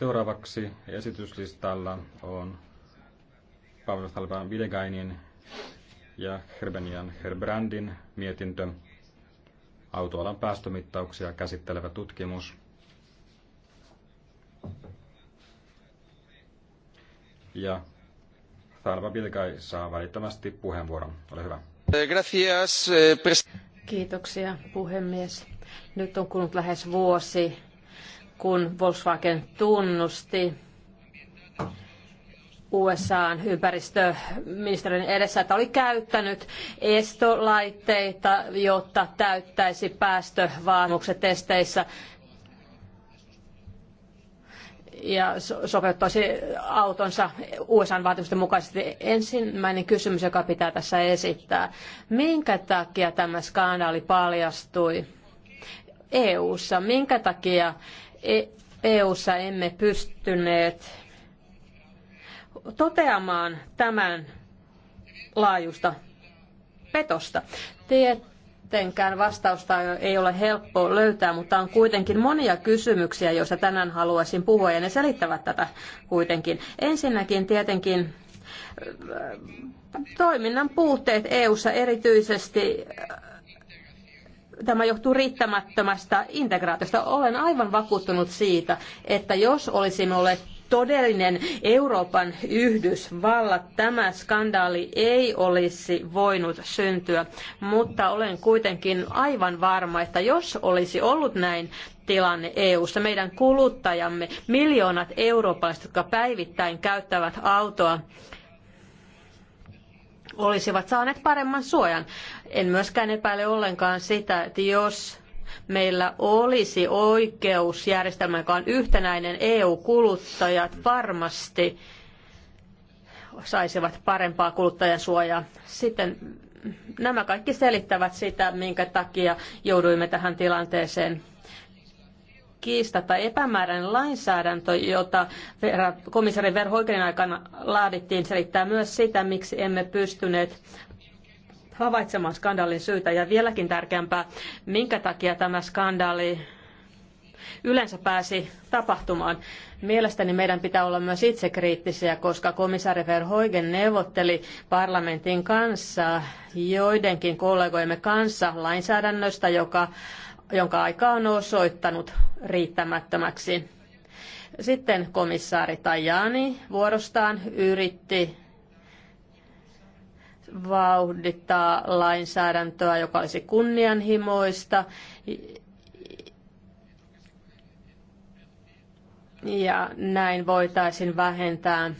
Seuraavaksi esityslistalla on Pavel Salvan Videgainin ja Herbenian Herbrandin mietintö autoalan päästömittauksia käsittelevä tutkimus. Ja Salva Bilgai saa välittömästi puheenvuoron. Ole hyvä. Eh, Kiitoksia puhemies. Nyt on kulunut lähes vuosi kun Volkswagen tunnusti USAn ympäristöministerin edessä, että oli käyttänyt estolaitteita, jotta täyttäisi päästövaatimukset testeissä ja sopeuttaisi autonsa USAn vaatimusten mukaisesti. Ensimmäinen kysymys, joka pitää tässä esittää. Minkä takia tämä skandaali paljastui EU:ssa? Minkä takia EU-ssa e emme pystyneet toteamaan tämän laajuista petosta. Tietenkään vastausta ei ole helppo löytää, mutta on kuitenkin monia kysymyksiä, joista tänään haluaisin puhua, ja ne selittävät tätä kuitenkin. Ensinnäkin tietenkin äh, toiminnan puutteet EU:ssa erityisesti tämä johtuu riittämättömästä integraatiosta. Olen aivan vakuuttunut siitä, että jos olisimme olleet todellinen Euroopan Yhdysvallat, tämä skandaali ei olisi voinut syntyä. Mutta olen kuitenkin aivan varma, että jos olisi ollut näin tilanne EU-ssa, meidän kuluttajamme, miljoonat eurooppalaiset, jotka päivittäin käyttävät autoa, olisivat saaneet paremman suojan. En myöskään epäile ollenkaan sitä, että jos meillä olisi oikeusjärjestelmä, joka on yhtenäinen EU-kuluttajat varmasti saisivat parempaa kuluttajansuojaa. Sitten nämä kaikki selittävät sitä, minkä takia jouduimme tähän tilanteeseen. Kiista tai epämääräinen lainsäädäntö, jota komissaari Verhoikenin aikana laadittiin, selittää myös sitä, miksi emme pystyneet havaitsemaan skandaalin syytä. Ja vieläkin tärkeämpää, minkä takia tämä skandaali yleensä pääsi tapahtumaan. Mielestäni meidän pitää olla myös itsekriittisiä, koska komissaari Verhoigen neuvotteli parlamentin kanssa joidenkin kollegojemme kanssa lainsäädännöstä, joka, jonka aika on osoittanut riittämättömäksi. Sitten komissaari Tajani vuorostaan yritti vauhdittaa lainsäädäntöä, joka olisi kunnianhimoista ja näin voitaisiin vähentää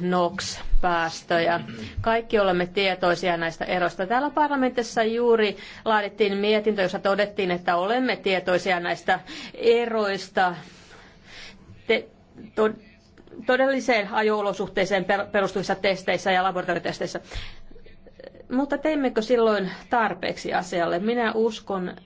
NOx-päästöjä. Kaikki olemme tietoisia näistä eroista. Täällä parlamentissa juuri laadittiin mietintö, jossa todettiin, että olemme tietoisia näistä eroista. Te, to, todelliseen ajo-olosuhteeseen perustuvissa testeissä ja laboratoriotesteissä. Mutta teimmekö silloin tarpeeksi asialle? Minä uskon,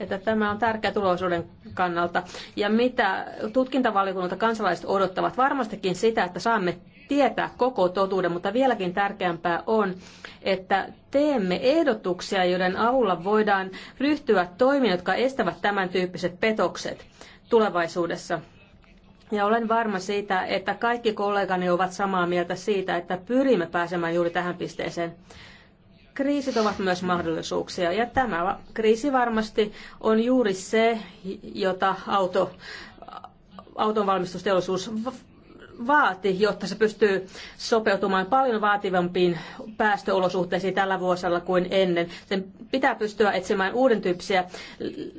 että tämä on tärkeä tulosuuden kannalta. Ja mitä tutkintavaliokunnalta kansalaiset odottavat? Varmastikin sitä, että saamme tietää koko totuuden, mutta vieläkin tärkeämpää on, että teemme ehdotuksia, joiden avulla voidaan ryhtyä toimiin, jotka estävät tämän tyyppiset petokset tulevaisuudessa. Ja olen varma siitä, että kaikki kollegani ovat samaa mieltä siitä, että pyrimme pääsemään juuri tähän pisteeseen. Kriisit ovat myös mahdollisuuksia ja tämä kriisi varmasti on juuri se, jota auto, autonvalmistusteollisuus vaati, jotta se pystyy sopeutumaan paljon vaativampiin päästöolosuhteisiin tällä vuosella kuin ennen. Sen pitää pystyä etsimään uuden tyyppisiä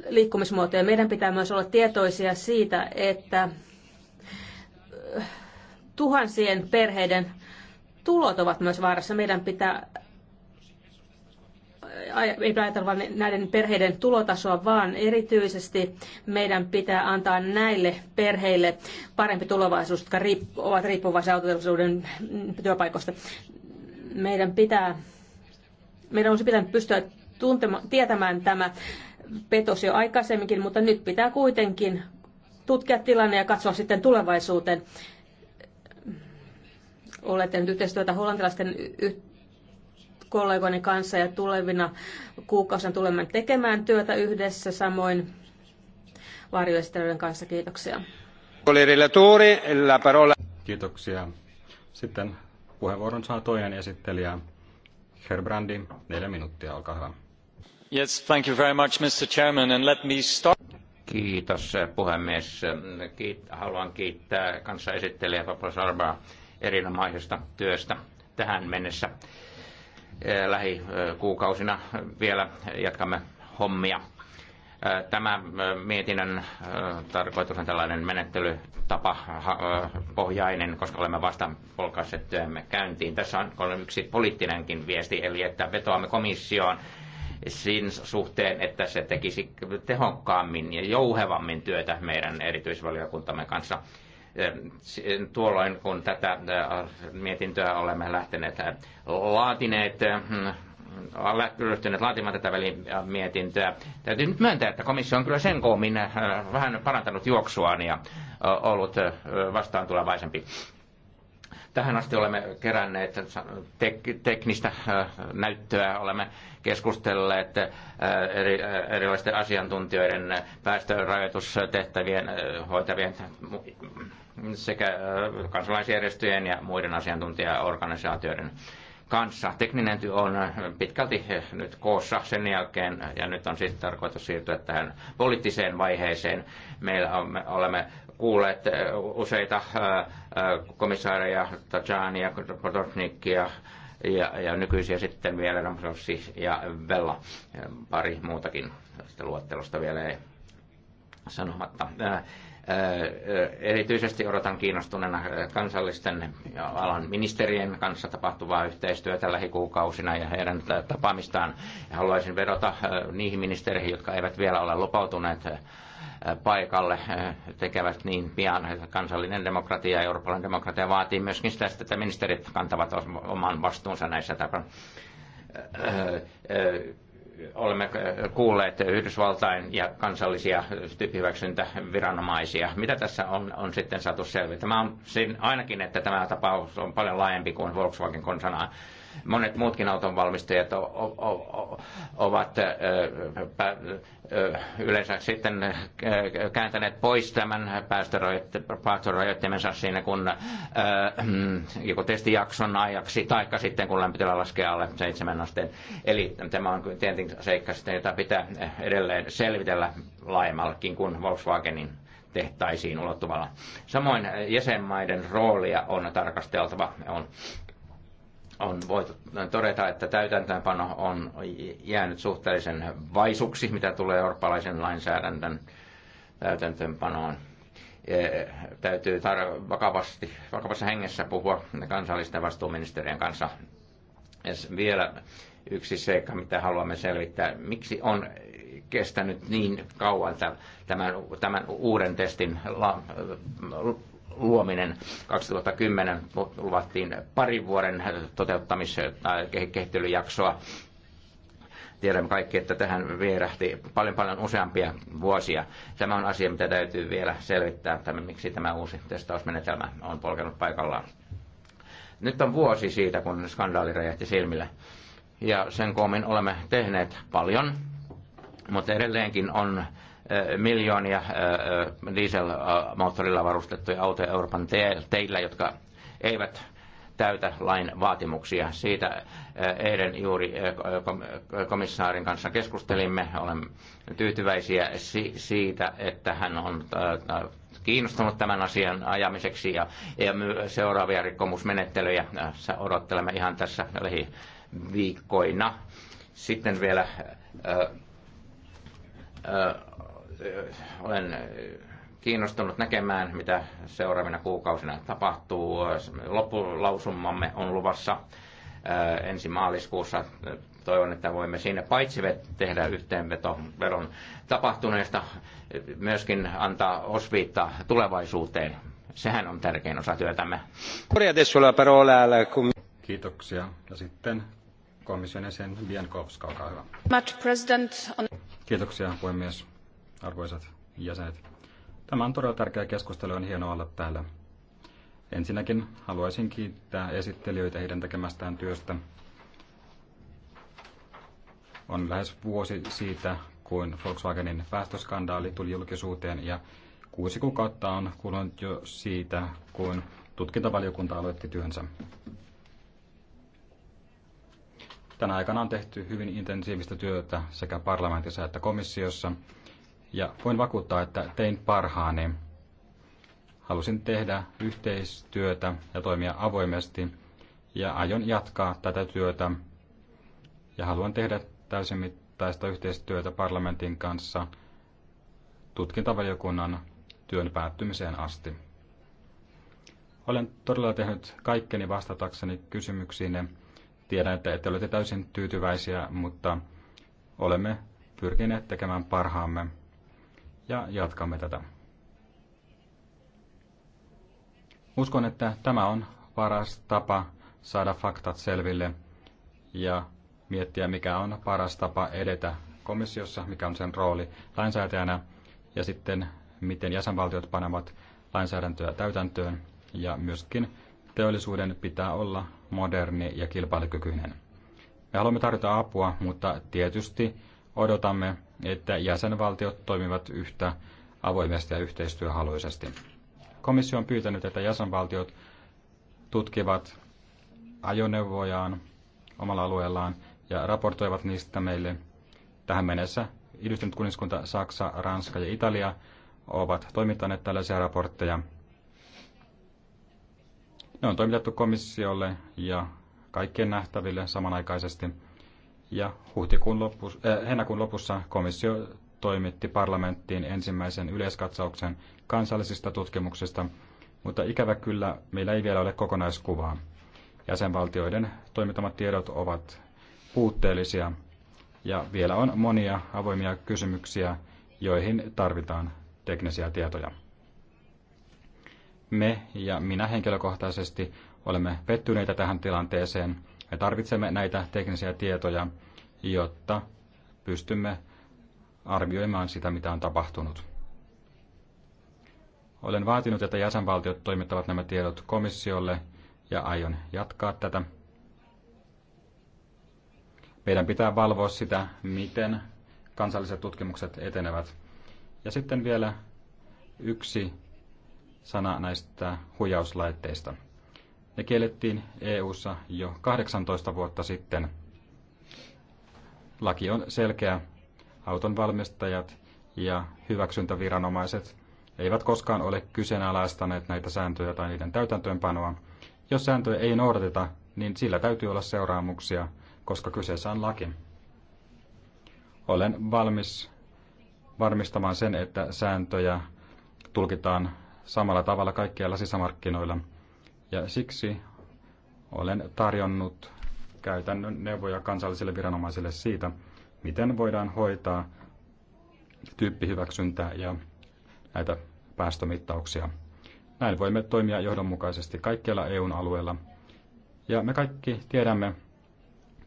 liikkumismuotoja. Meidän pitää myös olla tietoisia siitä, että tuhansien perheiden tulot ovat myös vaarassa. Meidän pitää ei ajatella vain näiden perheiden tulotasoa, vaan erityisesti meidän pitää antaa näille perheille parempi tulevaisuus, jotka ovat riippuvaisia autoteollisuuden työpaikoista. Meidän pitää, meidän olisi pitänyt pystyä tuntema, tietämään tämä petos jo aikaisemminkin, mutta nyt pitää kuitenkin tutkia tilanne ja katsoa sitten tulevaisuuteen. Olen tehnyt yhteistyötä hollantilaisten kollegoiden kanssa ja tulevina kuukausina tulemme tekemään työtä yhdessä samoin varjoistelujen kanssa. Kiitoksia. Kiitoksia. Sitten puheenvuoron saa toinen esittelijä. Herbrandi, neljä minuuttia, olkaa hyvä. Yes, thank you very much, Mr. Chairman, and let me start... Kiitos puhemies. Kiit- haluan kiittää kanssa esittelijä Papa Sarbaa erinomaisesta työstä tähän mennessä. Äh, lähikuukausina vielä jatkamme hommia. Äh, tämä äh, mietinnön tarkoitus on tällainen menettelytapa pohjainen, koska olemme vasta polkaisseet työmme käyntiin. Tässä on yksi poliittinenkin viesti, eli että vetoamme komissioon siinä suhteen, että se tekisi tehokkaammin ja jouhevammin työtä meidän erityisvaliokuntamme kanssa. Tuolloin, kun tätä äh, mietintöä olemme lähteneet äh, laatineet, äh, ryhtyneet laatimaan tätä välimietintöä. Täytyy nyt myöntää, että komissio on kyllä sen koomin vähän parantanut juoksuaan ja ollut vastaan tulevaisempi Tähän asti olemme keränneet tek- teknistä äh, näyttöä, olemme keskustelleet äh, eri, äh, erilaisten asiantuntijoiden päästörajoitustehtävien hoitavien sekä kansalaisjärjestöjen ja muiden asiantuntijaorganisaatioiden kanssa. Tekninen työ on pitkälti nyt koossa sen jälkeen, ja nyt on sitten siis tarkoitus siirtyä tähän poliittiseen vaiheeseen. Meillä on, me olemme kuulleet äh, useita äh, äh, komissaareja, Tajania, Potosnikia, ja, ja nykyisiä sitten vielä Ramsossi ja Vella, pari muutakin tästä luettelosta vielä ei sanomatta. Erityisesti odotan kiinnostuneena kansallisten alan ministerien kanssa tapahtuvaa yhteistyötä lähikuukausina ja heidän tapaamistaan. Haluaisin vedota niihin ministereihin, jotka eivät vielä ole lopautuneet paikalle, tekevät niin pian. Kansallinen demokratia ja eurooppalainen demokratia vaatii myöskin sitä, että ministerit kantavat oman vastuunsa näissä tapauksissa olemme äh, kuulleet Yhdysvaltain ja kansallisia tyyppihyväksyntäviranomaisia. Äh, Mitä tässä on, on sitten saatu selvitä? Mä on, ainakin, että tämä tapaus on paljon laajempi kuin Volkswagen konsanaa monet muutkin autonvalmistajat ovat yleensä sitten kääntäneet pois tämän päästörajoittimensa siinä, kun mm, joko testijakson ajaksi tai sitten kun lämpötila laskee alle 7 asteen. Eli tämä on tietenkin seikka, jota pitää edelleen selvitellä laajemmallekin kuin Volkswagenin tehtaisiin ulottuvalla. Samoin jäsenmaiden roolia on tarkasteltava. On on voitu todeta, että täytäntöönpano on jäänyt suhteellisen vaisuksi, mitä tulee eurooppalaisen lainsäädännön täytäntöönpanoon. E, täytyy tar- vakavasti, vakavassa hengessä puhua kansallisten vastuuministeriön kanssa. Ja vielä yksi seikka, mitä haluamme selvittää. Miksi on kestänyt niin kauan tämän, tämän uuden testin la- luominen 2010 luvattiin parin vuoden kehittelyjaksoa. Tiedämme kaikki, että tähän vierähti paljon paljon useampia vuosia. Tämä on asia, mitä täytyy vielä selvittää, että miksi tämä uusi testausmenetelmä on polkenut paikallaan. Nyt on vuosi siitä, kun skandaali räjähti silmille. Ja sen koomin olemme tehneet paljon, mutta edelleenkin on miljoonia äh, äh, dieselmoottorilla varustettuja autoja Euroopan teillä, jotka eivät täytä lain vaatimuksia. Siitä äh, eilen juuri komissaarin kanssa keskustelimme. Olen tyytyväisiä siitä, että hän on kiinnostunut tämän asian ajamiseksi ja, seuraavia rikkomusmenettelyjä odottelemme ihan tässä lähiviikkoina. Sitten vielä olen kiinnostunut näkemään, mitä seuraavina kuukausina tapahtuu. Loppulausumamme on luvassa ensi maaliskuussa. Toivon, että voimme siinä paitsi tehdä yhteenvedon tapahtuneesta, myöskin antaa osviittaa tulevaisuuteen. Sehän on tärkein osa työtämme. Kiitoksia. Ja sitten komission jäsen Bienkowska, olkaa hyvä. Kiitoksia, puhemies arvoisat jäsenet. Tämä on todella tärkeä keskustelu, on hienoa olla täällä. Ensinnäkin haluaisin kiittää esittelijöitä heidän tekemästään työstä. On lähes vuosi siitä, kun Volkswagenin päästöskandaali tuli julkisuuteen ja kuusi kuukautta on kulunut jo siitä, kun tutkintavaliokunta aloitti työnsä. Tänä aikana on tehty hyvin intensiivistä työtä sekä parlamentissa että komissiossa – ja voin vakuuttaa, että tein parhaani. Halusin tehdä yhteistyötä ja toimia avoimesti ja aion jatkaa tätä työtä ja haluan tehdä täysimittaista yhteistyötä parlamentin kanssa tutkintavaliokunnan työn päättymiseen asti. Olen todella tehnyt kaikkeni vastatakseni kysymyksiin. Tiedän, että ette ole täysin tyytyväisiä, mutta olemme pyrkineet tekemään parhaamme ja jatkamme tätä. Uskon, että tämä on paras tapa saada faktat selville ja miettiä, mikä on paras tapa edetä komissiossa, mikä on sen rooli lainsäätäjänä ja sitten miten jäsenvaltiot panevat lainsäädäntöä täytäntöön ja myöskin teollisuuden pitää olla moderni ja kilpailukykyinen. Me haluamme tarjota apua, mutta tietysti odotamme, että jäsenvaltiot toimivat yhtä avoimesti ja yhteistyöhaluisesti. Komissio on pyytänyt, että jäsenvaltiot tutkivat ajoneuvojaan omalla alueellaan ja raportoivat niistä meille. Tähän mennessä yhdistynyt kuningaskunta Saksa, Ranska ja Italia ovat toimittaneet tällaisia raportteja. Ne on toimitettu komissiolle ja kaikkien nähtäville samanaikaisesti ja huhtikuun lopussa, äh, heinäkuun lopussa komissio toimitti parlamenttiin ensimmäisen yleiskatsauksen kansallisista tutkimuksista, mutta ikävä kyllä meillä ei vielä ole kokonaiskuvaa. Jäsenvaltioiden toimittamat tiedot ovat puutteellisia ja vielä on monia avoimia kysymyksiä, joihin tarvitaan teknisiä tietoja. Me ja minä henkilökohtaisesti olemme pettyneitä tähän tilanteeseen – me tarvitsemme näitä teknisiä tietoja, jotta pystymme arvioimaan sitä, mitä on tapahtunut. Olen vaatinut, että jäsenvaltiot toimittavat nämä tiedot komissiolle ja aion jatkaa tätä. Meidän pitää valvoa sitä, miten kansalliset tutkimukset etenevät. Ja sitten vielä yksi sana näistä huijauslaitteista. Ne kiellettiin EU:ssa jo 18 vuotta sitten. Laki on selkeä. Auton valmistajat ja hyväksyntäviranomaiset eivät koskaan ole kyseenalaistaneet näitä sääntöjä tai niiden täytäntöönpanoa. Jos sääntöjä ei noudateta, niin sillä täytyy olla seuraamuksia, koska kyseessä on laki. Olen valmis varmistamaan sen, että sääntöjä tulkitaan samalla tavalla kaikkialla sisämarkkinoilla – ja siksi olen tarjonnut käytännön neuvoja kansallisille viranomaisille siitä, miten voidaan hoitaa tyyppihyväksyntää ja näitä päästömittauksia. Näin voimme toimia johdonmukaisesti kaikkialla EUn alueella. Ja me kaikki tiedämme,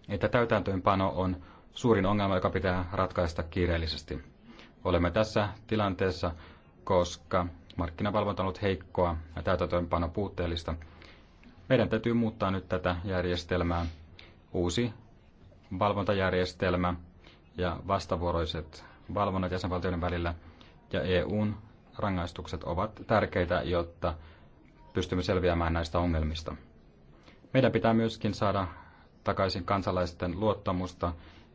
että täytäntöönpano on suurin ongelma, joka pitää ratkaista kiireellisesti. Olemme tässä tilanteessa, koska markkinavalvonta on ollut heikkoa ja täytäntöönpano puutteellista – meidän täytyy muuttaa nyt tätä järjestelmää. Uusi valvontajärjestelmä ja vastavuoroiset valvonnat jäsenvaltioiden välillä ja EUn rangaistukset ovat tärkeitä, jotta pystymme selviämään näistä ongelmista. Meidän pitää myöskin saada takaisin kansalaisten luottamusta,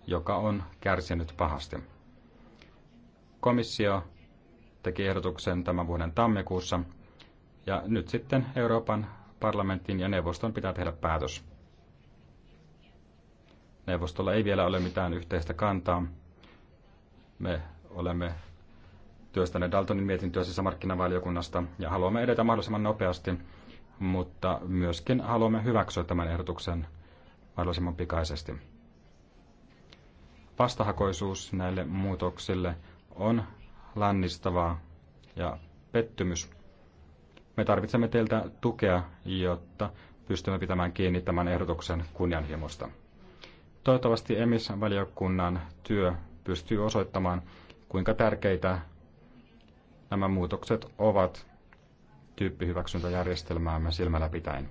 joka on kärsinyt pahasti. Komissio teki ehdotuksen tämän vuoden tammikuussa, ja nyt sitten Euroopan parlamentin ja neuvoston pitää tehdä päätös. Neuvostolla ei vielä ole mitään yhteistä kantaa. Me olemme työstäneet Daltonin mietintöä sisämarkkinavaliokunnasta ja haluamme edetä mahdollisimman nopeasti, mutta myöskin haluamme hyväksyä tämän ehdotuksen mahdollisimman pikaisesti. Vastahakoisuus näille muutoksille on lannistavaa ja pettymys. Me tarvitsemme teiltä tukea, jotta pystymme pitämään kiinni tämän ehdotuksen kunnianhimosta. Toivottavasti EMIS-valiokunnan työ pystyy osoittamaan, kuinka tärkeitä nämä muutokset ovat tyyppihyväksyntäjärjestelmäämme silmällä pitäen.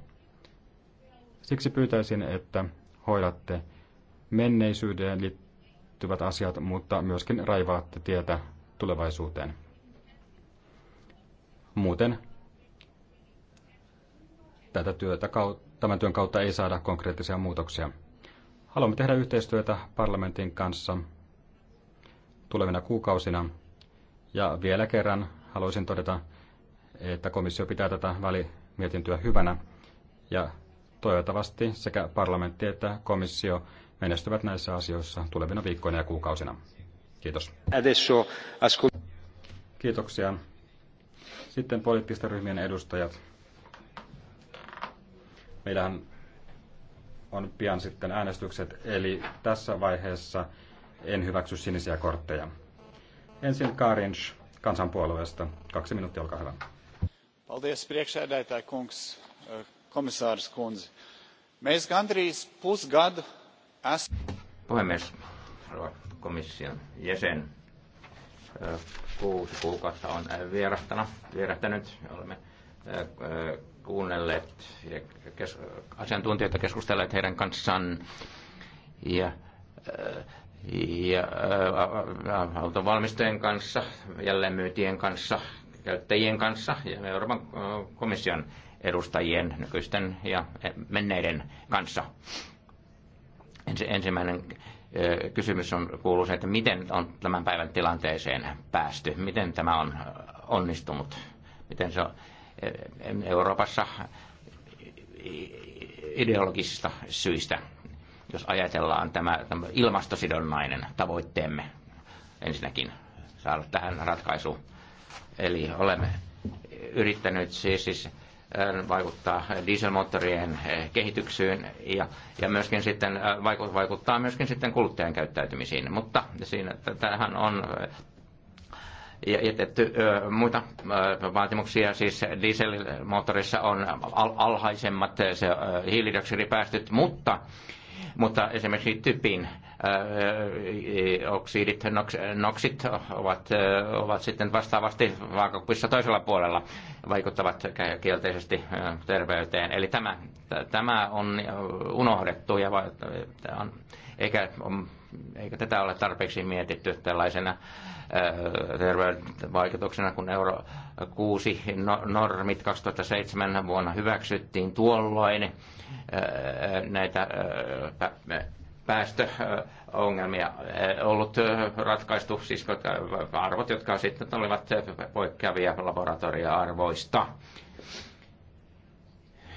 Siksi pyytäisin, että hoidatte menneisyyteen liittyvät asiat, mutta myöskin raivaatte tietä tulevaisuuteen. Muuten tätä työtä, tämän työn kautta ei saada konkreettisia muutoksia. Haluamme tehdä yhteistyötä parlamentin kanssa tulevina kuukausina. Ja vielä kerran haluaisin todeta, että komissio pitää tätä välimietintöä hyvänä. Ja toivottavasti sekä parlamentti että komissio menestyvät näissä asioissa tulevina viikkoina ja kuukausina. Kiitos. Kiitoksia. Sitten poliittisten ryhmien edustajat. Meillähän on pian sitten äänestykset, eli tässä vaiheessa en hyväksy sinisiä kortteja. Ensin Karinch kansanpuolueesta. Kaksi minuuttia, olkaa hyvä. Paldies, priekšsēdētāji kungs, eh, komissaaris kundze. Mēs gandrīz pusgadu es... Puhemies, komission jäsen. Eh, kuusi kuukautta on eh, vierähtänä, vierähtänyt. Olemme kuunnelleet ja kes, asiantuntijoita keskustelleet heidän kanssaan ja, äh, ja äh, autovalmistajien kanssa, jälleenmyytien kanssa, käyttäjien kanssa ja Euroopan äh, komission edustajien nykyisten ja menneiden kanssa. Ensimmäinen kysymys on, kuuluu se, että miten on tämän päivän tilanteeseen päästy, miten tämä on onnistunut, miten se on Euroopassa ideologisista syistä, jos ajatellaan tämä, tämä ilmastosidonnainen tavoitteemme ensinnäkin saada tähän ratkaisu. Eli olemme yrittäneet siis, siis äh, vaikuttaa dieselmoottorien äh, kehitykseen ja, ja myöskin sitten äh, vaikuttaa myöskin sitten kuluttajan käyttäytymisiin. Mutta siinä, tähän on jätetty muita vaatimuksia, siis dieselmoottorissa on alhaisemmat se hiilidioksidipäästöt, mutta mutta esimerkiksi typin oksidit, noksit ovat, ovat sitten vastaavasti vaakakupissa toisella puolella vaikuttavat kielteisesti terveyteen. Eli tämä, tämä on unohdettu ja eikä, eikä tätä ole tarpeeksi mietitty tällaisena Äh, terveysvaikutuksena, kun euro 6 no, normit 2007 vuonna hyväksyttiin tuolloin äh, näitä äh, päästöongelmia ollut ratkaistu, siis arvot, jotka sitten olivat poikkeavia laboratorioarvoista.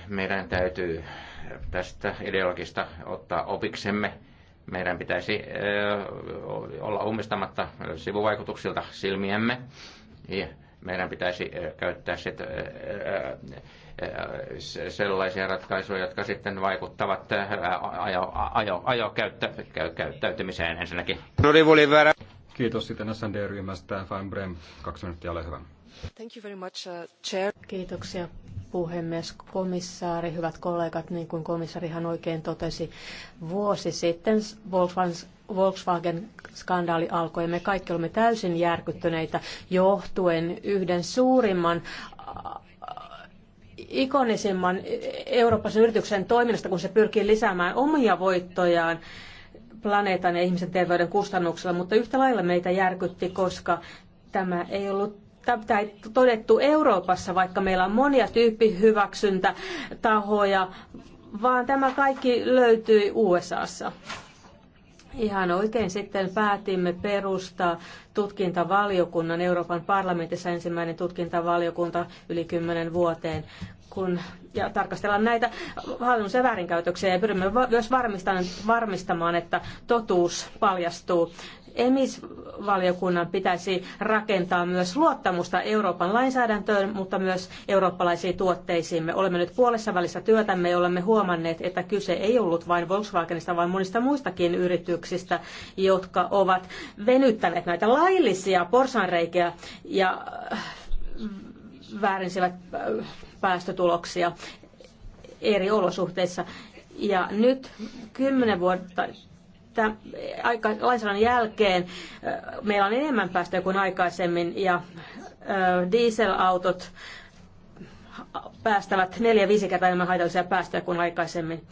Meidän täytyy tästä ideologista ottaa opiksemme meidän pitäisi olla ummistamatta sivuvaikutuksilta silmiemme. Meidän pitäisi käyttää sellaisia ratkaisuja, jotka sitten vaikuttavat ajo, ajo, ajo käyttä, käy, ensinnäkin. Kiitos sitten SND-ryhmästä. Fine Brem, kaksi minuuttia, ole hyvä. Thank you very much, uh, chair. Kiitoksia puhemies, komissaari, hyvät kollegat, niin kuin komissarihan oikein totesi, vuosi sitten Volkswagen-skandaali alkoi. Me kaikki olemme täysin järkyttyneitä johtuen yhden suurimman äh, ikonisimman Euroopan yrityksen toiminnasta, kun se pyrkii lisäämään omia voittojaan planeetan ja ihmisen terveyden kustannuksella, mutta yhtä lailla meitä järkytti, koska tämä ei ollut tätä ei todettu Euroopassa, vaikka meillä on monia tyyppihyväksyntätahoja, vaan tämä kaikki löytyi USAssa. Ihan oikein sitten päätimme perustaa tutkintavaliokunnan Euroopan parlamentissa ensimmäinen tutkintavaliokunta yli kymmenen vuoteen kun, ja tarkastellaan näitä hallinnus- ja väärinkäytöksiä ja pyrimme myös varmistamaan, että totuus paljastuu. EMIS-valiokunnan pitäisi rakentaa myös luottamusta Euroopan lainsäädäntöön, mutta myös eurooppalaisiin tuotteisiimme. Olemme nyt puolessa välissä työtämme ja olemme huomanneet, että kyse ei ollut vain Volkswagenista, vaan monista muistakin yrityksistä, jotka ovat venyttäneet näitä laillisia porsanreikiä ja äh, väärensivät äh, päästötuloksia eri olosuhteissa. Ja nyt kymmenen vuotta että aika, lainsäädännön jälkeen meillä on enemmän päästöjä kuin aikaisemmin ja dieselautot päästävät neljä viisi kertaa enemmän haitallisia päästöjä kuin aikaisemmin.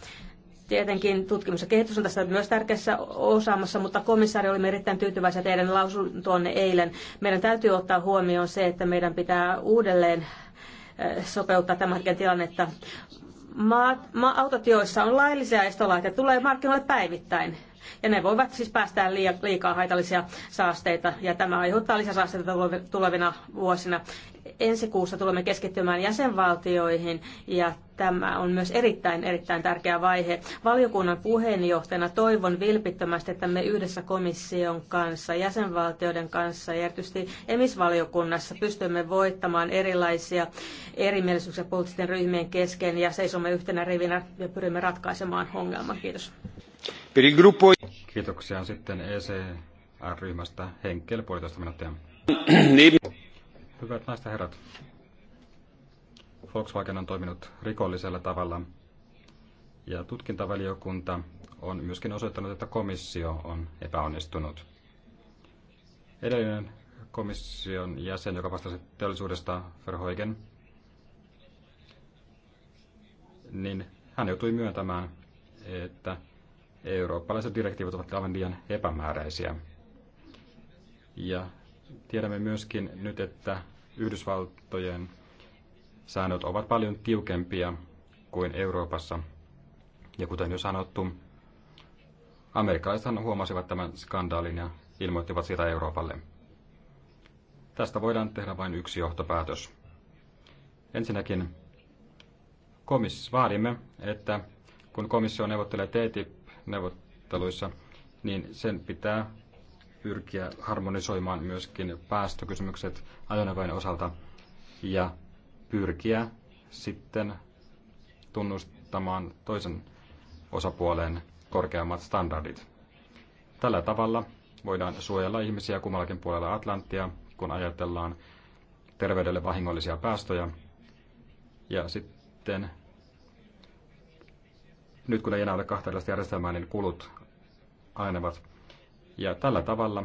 Tietenkin tutkimus ja kehitys on tässä myös tärkeässä osaamassa, mutta komissaari oli erittäin tyytyväisiä teidän lausuntoonne eilen. Meidän täytyy ottaa huomioon se, että meidän pitää uudelleen sopeuttaa tämän hetken tilannetta. Maat, ma- autot, joissa on laillisia estolaitteita, tulee markkinoille päivittäin ja ne voivat siis päästää liikaa haitallisia saasteita, ja tämä aiheuttaa lisäsaasteita tulevina vuosina. Ensi kuussa tulemme keskittymään jäsenvaltioihin, ja tämä on myös erittäin, erittäin tärkeä vaihe. Valiokunnan puheenjohtajana toivon vilpittömästi, että me yhdessä komission kanssa, jäsenvaltioiden kanssa ja erityisesti emisvaliokunnassa pystymme voittamaan erilaisia erimielisyyksiä poliittisten ryhmien kesken ja seisomme yhtenä rivinä ja pyrimme ratkaisemaan ongelman. Kiitos. Kiitoksia sitten ECR-ryhmästä Henkel puolitoista minuuttia. Hyvät naiset ja herrat, Volkswagen on toiminut rikollisella tavalla ja tutkintavaliokunta on myöskin osoittanut, että komissio on epäonnistunut. Edellinen komission jäsen, joka vastasi teollisuudesta, Verhoigen, niin hän joutui myöntämään, että eurooppalaiset direktiivit ovat aivan liian epämääräisiä. Ja tiedämme myöskin nyt, että Yhdysvaltojen säännöt ovat paljon tiukempia kuin Euroopassa. Ja kuten jo sanottu, amerikkalaisethan huomasivat tämän skandaalin ja ilmoittivat sitä Euroopalle. Tästä voidaan tehdä vain yksi johtopäätös. Ensinnäkin komiss vaadimme, että kun komissio neuvottelee TTIP neuvotteluissa, niin sen pitää pyrkiä harmonisoimaan myöskin päästökysymykset ajoneuvojen osalta ja pyrkiä sitten tunnustamaan toisen osapuolen korkeammat standardit. Tällä tavalla voidaan suojella ihmisiä kummallakin puolella Atlanttia, kun ajatellaan terveydelle vahingollisia päästöjä. Ja sitten nyt kun ei enää ole kahta erilaista järjestelmää, niin kulut ainevat. Ja tällä tavalla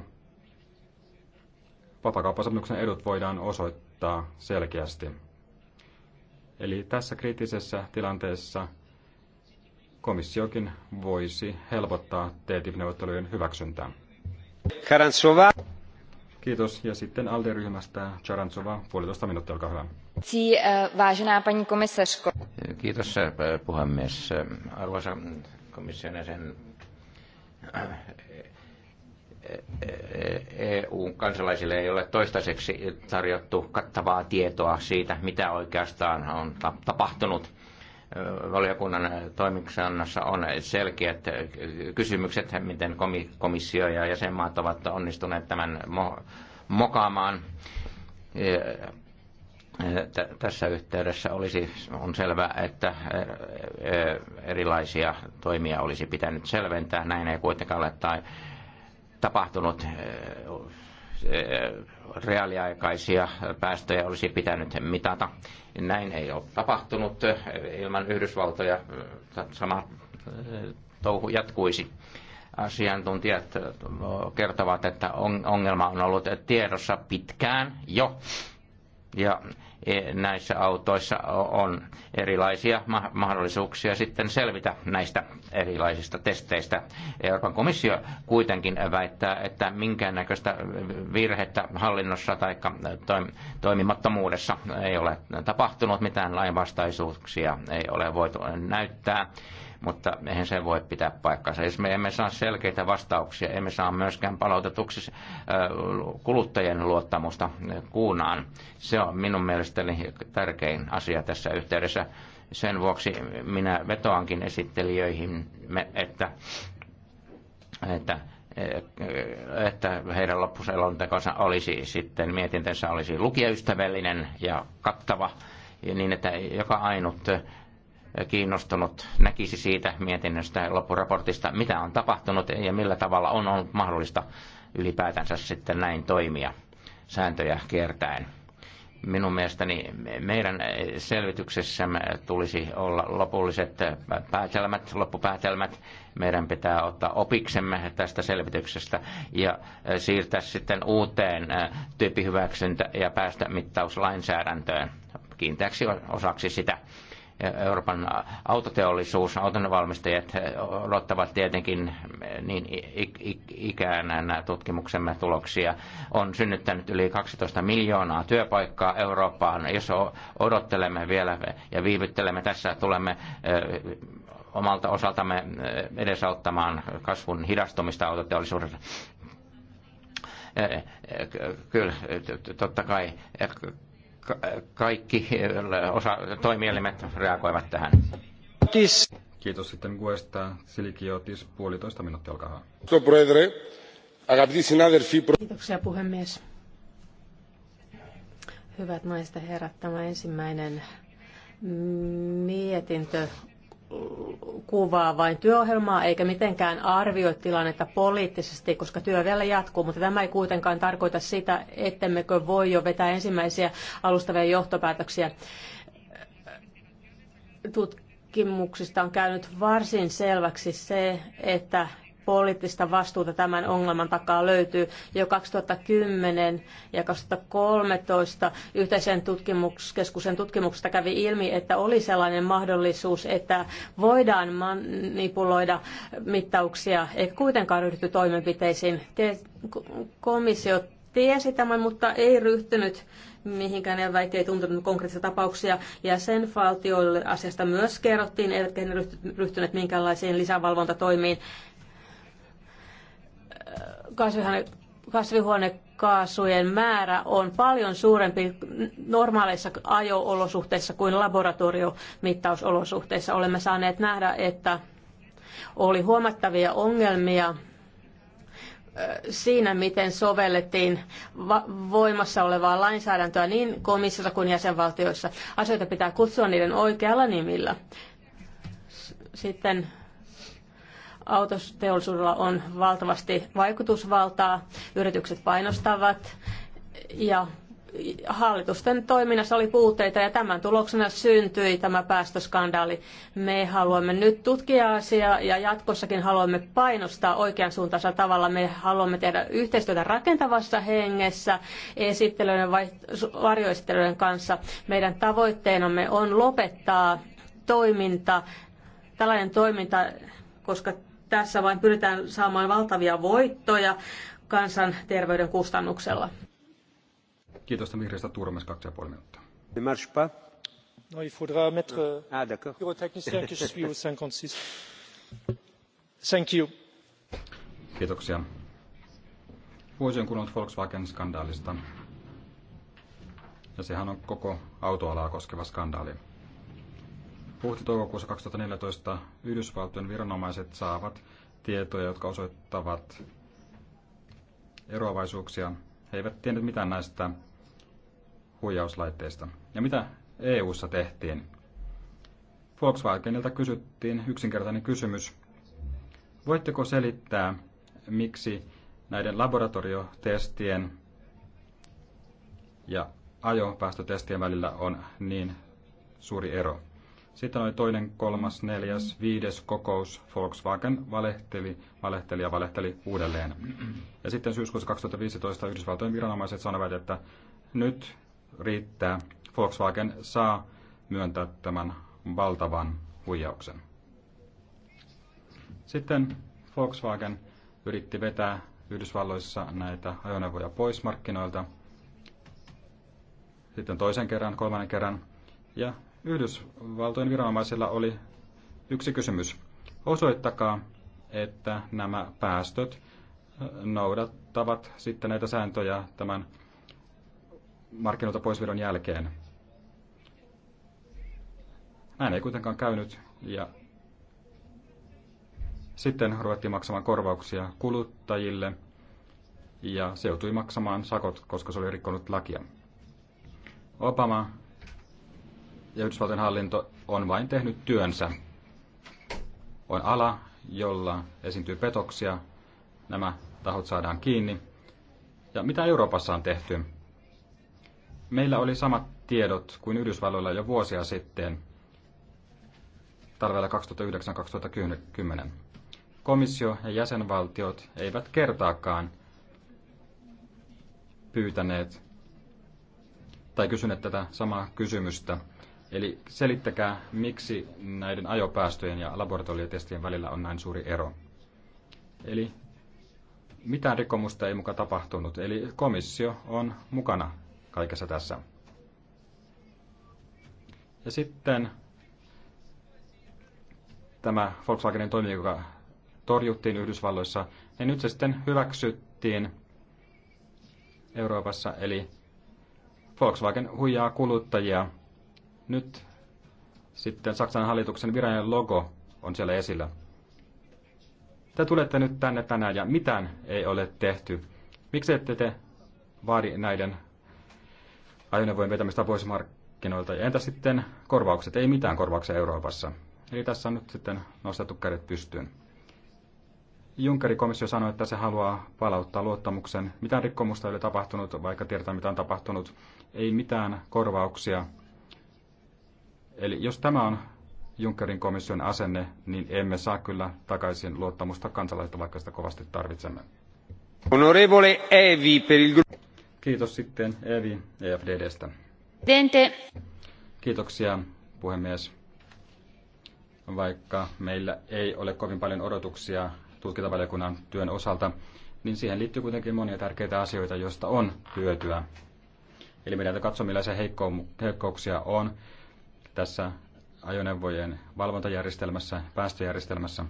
vapakauppasopimuksen edut voidaan osoittaa selkeästi. Eli tässä kriittisessä tilanteessa komissiokin voisi helpottaa TTIP-neuvottelujen hyväksyntää. Karantsova. Kiitos. Ja sitten ALDE-ryhmästä Charantsova, puolitoista minuuttia, olkaa hyvä. Eh, vážená paní komisařko. Kiitos puhemies. Arvoisa komission jäsen, EU-kansalaisille ei ole toistaiseksi tarjottu kattavaa tietoa siitä, mitä oikeastaan on tapahtunut. Valiokunnan toimiksannassa on selkeät kysymykset, miten komissio ja jäsenmaat ovat onnistuneet tämän mokaamaan tässä yhteydessä olisi, on selvää, että erilaisia toimia olisi pitänyt selventää. Näin ei kuitenkaan ole tai tapahtunut reaaliaikaisia päästöjä olisi pitänyt mitata. Näin ei ole tapahtunut. Ilman Yhdysvaltoja sama touhu jatkuisi asiantuntijat kertovat, että ongelma on ollut tiedossa pitkään jo ja e, näissä autoissa on erilaisia mahdollisuuksia sitten selvitä näistä erilaisista testeistä. Euroopan komissio kuitenkin väittää, että minkäännäköistä virhettä hallinnossa tai toimimattomuudessa ei ole tapahtunut, mitään lainvastaisuuksia ei ole voitu näyttää mutta eihän se voi pitää paikkansa. Jos me emme saa selkeitä vastauksia, emme saa myöskään palautetuksi äh, kuluttajien luottamusta kuunaan. Se on minun mielestäni tärkein asia tässä yhteydessä. Sen vuoksi minä vetoankin esittelijöihin, että, että äh, että heidän loppuselontekonsa olisi sitten, mietintensä olisi lukijaystävällinen ja kattava, niin että joka ainut kiinnostunut näkisi siitä mietinnöstä ja loppuraportista, mitä on tapahtunut ja millä tavalla on ollut mahdollista ylipäätänsä sitten näin toimia sääntöjä kiertäen. Minun mielestäni meidän selvityksessämme tulisi olla lopulliset päätelmät, loppupäätelmät. Meidän pitää ottaa opiksemme tästä selvityksestä ja siirtää sitten uuteen tyyppihyväksyntä- ja mittauslainsäädäntöön kiinteäksi osaksi sitä Euroopan autoteollisuus, autonvalmistajat odottavat tietenkin niin ikään nämä tutkimuksemme tuloksia. On synnyttänyt yli 12 miljoonaa työpaikkaa Eurooppaan. Jos odottelemme vielä ja viivyttelemme tässä, tulemme omalta osaltamme edesauttamaan kasvun hidastumista autoteollisuudessa kyllä, totta kai kaikki eh, osa, toimielimet reagoivat tähän. Kiitos. Kiitos sitten Guesta. Silikiotis, puolitoista minuuttia, olkaa Kiitoksia puhemies. Hyvät naiset ja herrat, tämä ensimmäinen mietintö kuvaa vain työohjelmaa eikä mitenkään arvioi tilannetta poliittisesti, koska työ vielä jatkuu, mutta tämä ei kuitenkaan tarkoita sitä, ettemmekö voi jo vetää ensimmäisiä alustavia johtopäätöksiä. Tutkimuksista on käynyt varsin selväksi se, että poliittista vastuuta tämän ongelman takaa löytyy. Jo 2010 ja 2013 yhteisen tutkimuskeskuksen tutkimuksesta kävi ilmi, että oli sellainen mahdollisuus, että voidaan manipuloida mittauksia, eikä kuitenkaan ryhdytty toimenpiteisiin. Komissio tiesi tämän, mutta ei ryhtynyt mihinkään ne väitti, ei tuntunut konkreettisia tapauksia. Jäsenvaltioille asiasta myös kerrottiin, eivätkä ne ryhtyneet minkäänlaisiin lisävalvontatoimiin kasvihuonekaasujen määrä on paljon suurempi normaaleissa ajo-olosuhteissa kuin laboratoriomittausolosuhteissa. Olemme saaneet nähdä, että oli huomattavia ongelmia siinä, miten sovellettiin voimassa olevaa lainsäädäntöä niin komissiossa kuin jäsenvaltioissa. Asioita pitää kutsua niiden oikealla nimillä. Sitten autoteollisuudella on valtavasti vaikutusvaltaa, yritykset painostavat ja hallitusten toiminnassa oli puutteita ja tämän tuloksena syntyi tämä päästöskandaali. Me haluamme nyt tutkia asiaa ja jatkossakin haluamme painostaa oikean suuntaisella tavalla. Me haluamme tehdä yhteistyötä rakentavassa hengessä esittelyiden vai varjoesittelyiden kanssa. Meidän tavoitteenamme on lopettaa toiminta, tällainen toiminta, koska tässä vain pyritään saamaan valtavia voittoja kansanterveyden kustannuksella. Kiitos vihreistä Turmes, kaksi ja puoli minuuttia. Non, il faudra mettre ah, pyrotechnicien que je suis au 56. Thank you. Kiitoksia. Vuosi on kulunut Volkswagen-skandaalista. Ja sehän on koko autoalaa koskeva skandaali. Huhti-toukokuussa 2014 Yhdysvaltojen viranomaiset saavat tietoja, jotka osoittavat eroavaisuuksia. He eivät tienneet mitään näistä huijauslaitteista. Ja mitä EU-ssa tehtiin? Volkswagenilta kysyttiin yksinkertainen kysymys. Voitteko selittää, miksi näiden laboratoriotestien ja ajopäästötestien välillä on niin suuri ero? Sitten oli toinen, kolmas, neljäs, viides kokous. Volkswagen valehteli, valehteli ja valehteli uudelleen. Ja sitten syyskuussa 2015 Yhdysvaltojen viranomaiset sanoivat, että nyt riittää. Volkswagen saa myöntää tämän valtavan huijauksen. Sitten Volkswagen yritti vetää Yhdysvalloissa näitä ajoneuvoja pois markkinoilta. Sitten toisen kerran, kolmannen kerran. Ja Yhdysvaltojen viranomaisilla oli yksi kysymys. Osoittakaa, että nämä päästöt äh, noudattavat sitten näitä sääntöjä tämän markkinoilta poisvedon jälkeen. Näin ei kuitenkaan käynyt ja sitten ruvettiin maksamaan korvauksia kuluttajille ja se joutui maksamaan sakot, koska se oli rikkonut lakia. Obama ja Yhdysvaltain hallinto on vain tehnyt työnsä. On ala, jolla esiintyy petoksia, nämä tahot saadaan kiinni. Ja mitä Euroopassa on tehty? Meillä oli samat tiedot kuin Yhdysvalloilla jo vuosia sitten, talvella 2009-2010. Komissio ja jäsenvaltiot eivät kertaakaan pyytäneet tai kysyneet tätä samaa kysymystä Eli selittäkää, miksi näiden ajopäästöjen ja laboratoriotestien välillä on näin suuri ero. Eli mitään rikkomusta ei muka tapahtunut, eli komissio on mukana kaikessa tässä. Ja sitten tämä Volkswagenin toimi, joka torjuttiin Yhdysvalloissa, niin nyt se sitten hyväksyttiin Euroopassa, eli Volkswagen huijaa kuluttajia nyt sitten Saksan hallituksen virallinen logo on siellä esillä. Te tulette nyt tänne tänään ja mitään ei ole tehty. Miksi ette te vaadi näiden ajoneuvojen vetämistä pois markkinoilta? Ja entä sitten korvaukset? Ei mitään korvauksia Euroopassa. Eli tässä on nyt sitten nostettu kädet pystyyn. Junckerin komissio sanoi, että se haluaa palauttaa luottamuksen. Mitään rikkomusta ei ole tapahtunut, vaikka tiedetään mitä on tapahtunut. Ei mitään korvauksia Eli jos tämä on Junckerin komission asenne, niin emme saa kyllä takaisin luottamusta kansalaisilta, vaikka sitä kovasti tarvitsemme. Onorevole Evi per il... Kiitos sitten Evi EFDDstä. Dente. Kiitoksia puhemies. Vaikka meillä ei ole kovin paljon odotuksia tutkintavaliokunnan työn osalta, niin siihen liittyy kuitenkin monia tärkeitä asioita, joista on hyötyä. Eli meidän täytyy katsoa, millaisia heikkouksia on tässä ajoneuvojen valvontajärjestelmässä, päästöjärjestelmässä.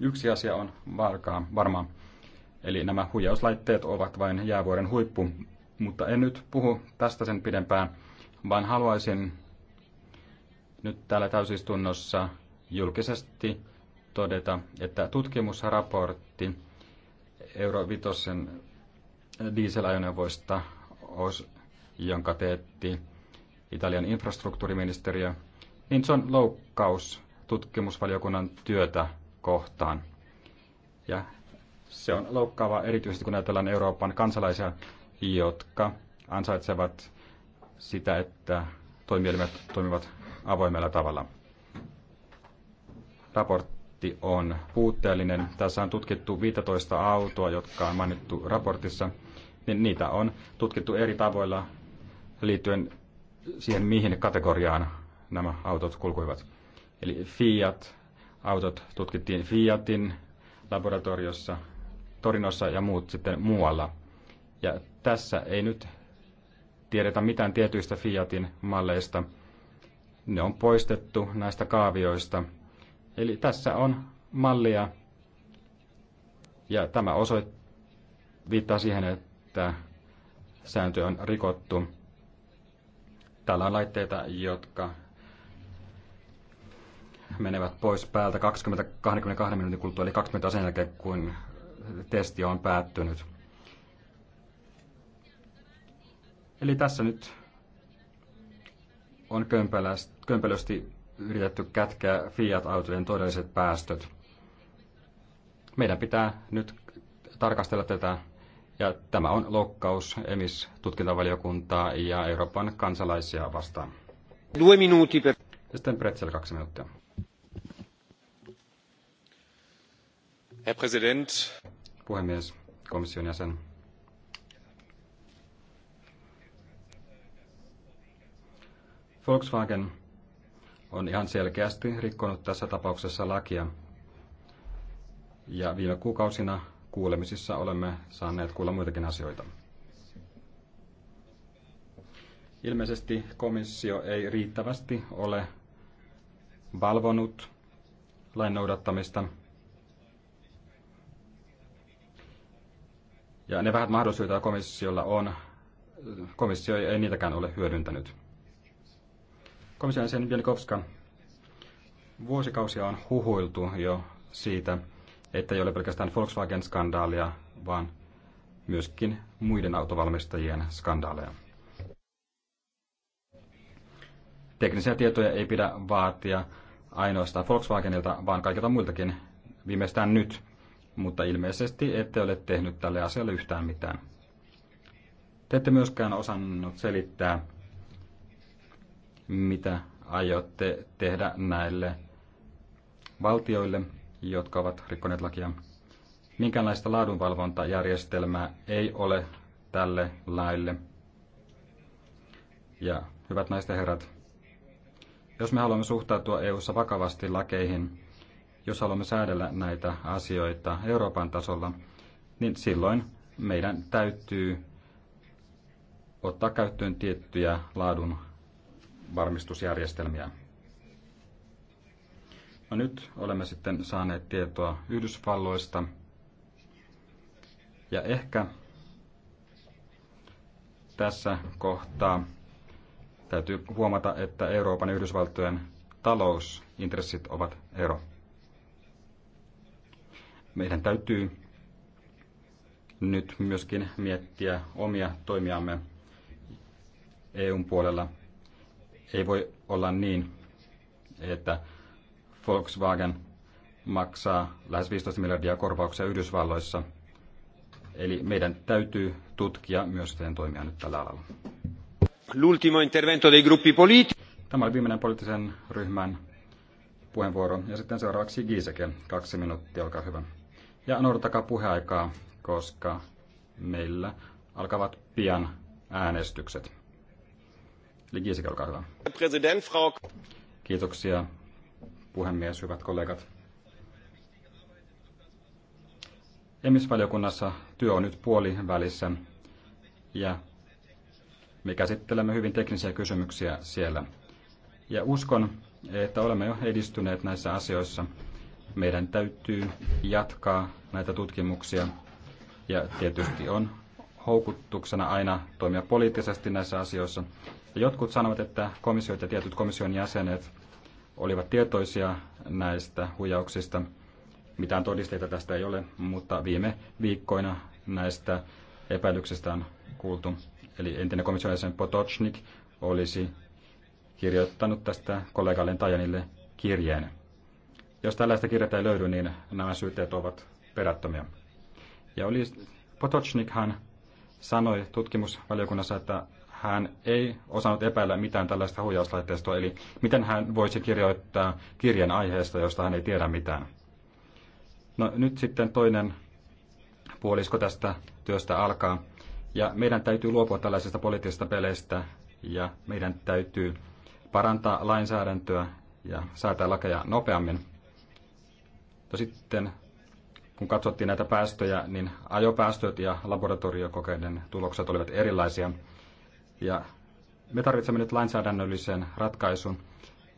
Yksi asia on varkaa, varma, eli nämä huijauslaitteet ovat vain jäävuoren huippu, mutta en nyt puhu tästä sen pidempään, vaan haluaisin nyt täällä täysistunnossa julkisesti todeta, että tutkimusraportti Euro 5 dieselajoneuvoista, jonka teetti Italian infrastruktuuriministeriö, niin se on loukkaus tutkimusvaliokunnan työtä kohtaan. Ja se on loukkaava erityisesti, kun ajatellaan Euroopan kansalaisia, jotka ansaitsevat sitä, että toimielimet toimivat avoimella tavalla. Raportti on puutteellinen. Tässä on tutkittu 15 autoa, jotka on mainittu raportissa. Niin niitä on tutkittu eri tavoilla liittyen siihen, mihin kategoriaan nämä autot kulkuivat. Eli Fiat, autot tutkittiin Fiatin laboratoriossa, Torinossa ja muut sitten muualla. Ja tässä ei nyt tiedetä mitään tietyistä Fiatin malleista. Ne on poistettu näistä kaavioista. Eli tässä on mallia, ja tämä osoit, viittaa siihen, että sääntö on rikottu. Täällä on laitteita, jotka menevät pois päältä 20-22 minuutin kuluttua, eli 20 sen jälkeen, kun testi on päättynyt. Eli tässä nyt on kömpelösti yritetty kätkeä Fiat-autojen todelliset päästöt. Meidän pitää nyt tarkastella tätä ja tämä on loukkaus EMIS-tutkintavaliokuntaa ja Euroopan kansalaisia vastaan. Due minuti per... Sitten Pretzel kaksi minuuttia. Herr President. Puhemies, komission jäsen. Volkswagen on ihan selkeästi rikkonut tässä tapauksessa lakia. Ja viime kuukausina kuulemisissa olemme saaneet kuulla muitakin asioita. Ilmeisesti komissio ei riittävästi ole valvonut lain noudattamista. Ja ne vähät mahdollisuudet, joita komissiolla on, komissio ei niitäkään ole hyödyntänyt. Komission jäsen Bielkowska, vuosikausia on huhuiltu jo siitä, että ei ole pelkästään Volkswagen-skandaalia, vaan myöskin muiden autovalmistajien skandaaleja. Teknisiä tietoja ei pidä vaatia ainoastaan Volkswagenilta, vaan kaikilta muiltakin viimeistään nyt, mutta ilmeisesti ette ole tehnyt tälle asialle yhtään mitään. Te ette myöskään osannut selittää, mitä aiotte tehdä näille valtioille, jotka ovat rikkoneet lakia. Minkäänlaista laadunvalvontajärjestelmää ei ole tälle laille. Ja hyvät naiset ja herrat, jos me haluamme suhtautua EU:ssa vakavasti lakeihin, jos haluamme säädellä näitä asioita Euroopan tasolla, niin silloin meidän täytyy ottaa käyttöön tiettyjä laadun varmistusjärjestelmiä. No nyt olemme sitten saaneet tietoa Yhdysvalloista. Ja ehkä tässä kohtaa täytyy huomata, että Euroopan ja Yhdysvaltojen talousintressit ovat ero. Meidän täytyy nyt myöskin miettiä omia toimiamme EUn puolella. Ei voi olla niin, että Volkswagen maksaa lähes 15 miljardia korvauksia Yhdysvalloissa. Eli meidän täytyy tutkia myös teidän toimia nyt tällä alalla. L'ultimo intervento dei gruppi politi- Tämä oli viimeinen poliittisen ryhmän puheenvuoro. Ja sitten seuraavaksi Giiseke, kaksi minuuttia, olkaa hyvä. Ja noudattakaa puheaikaa, koska meillä alkavat pian äänestykset. Eli Giiseke, olkaa hyvä. President, Frau... Kiitoksia puhemies, hyvät kollegat. Emisvaliokunnassa työ on nyt puoli välissä ja me käsittelemme hyvin teknisiä kysymyksiä siellä. Ja uskon, että olemme jo edistyneet näissä asioissa. Meidän täytyy jatkaa näitä tutkimuksia ja tietysti on houkutuksena aina toimia poliittisesti näissä asioissa. Ja jotkut sanovat, että komissiot ja tietyt komission jäsenet olivat tietoisia näistä huijauksista. Mitään todisteita tästä ei ole, mutta viime viikkoina näistä epäilyksistä on kuultu. Eli entinen komission jäsen Potocnik olisi kirjoittanut tästä kollegalle Tajanille kirjeen. Jos tällaista kirjettä ei löydy, niin nämä syytteet ovat perättömiä. Ja oli, Potocnikhan sanoi tutkimusvaliokunnassa, että hän ei osannut epäillä mitään tällaista huijauslaitteistoa, eli miten hän voisi kirjoittaa kirjan aiheesta, josta hän ei tiedä mitään. No nyt sitten toinen puolisko tästä työstä alkaa. Ja meidän täytyy luopua tällaisista poliittisista peleistä ja meidän täytyy parantaa lainsäädäntöä ja säätää lakeja nopeammin. No sitten kun katsottiin näitä päästöjä, niin ajopäästöt ja laboratoriokokeiden tulokset olivat erilaisia. Ja me tarvitsemme nyt lainsäädännöllisen ratkaisun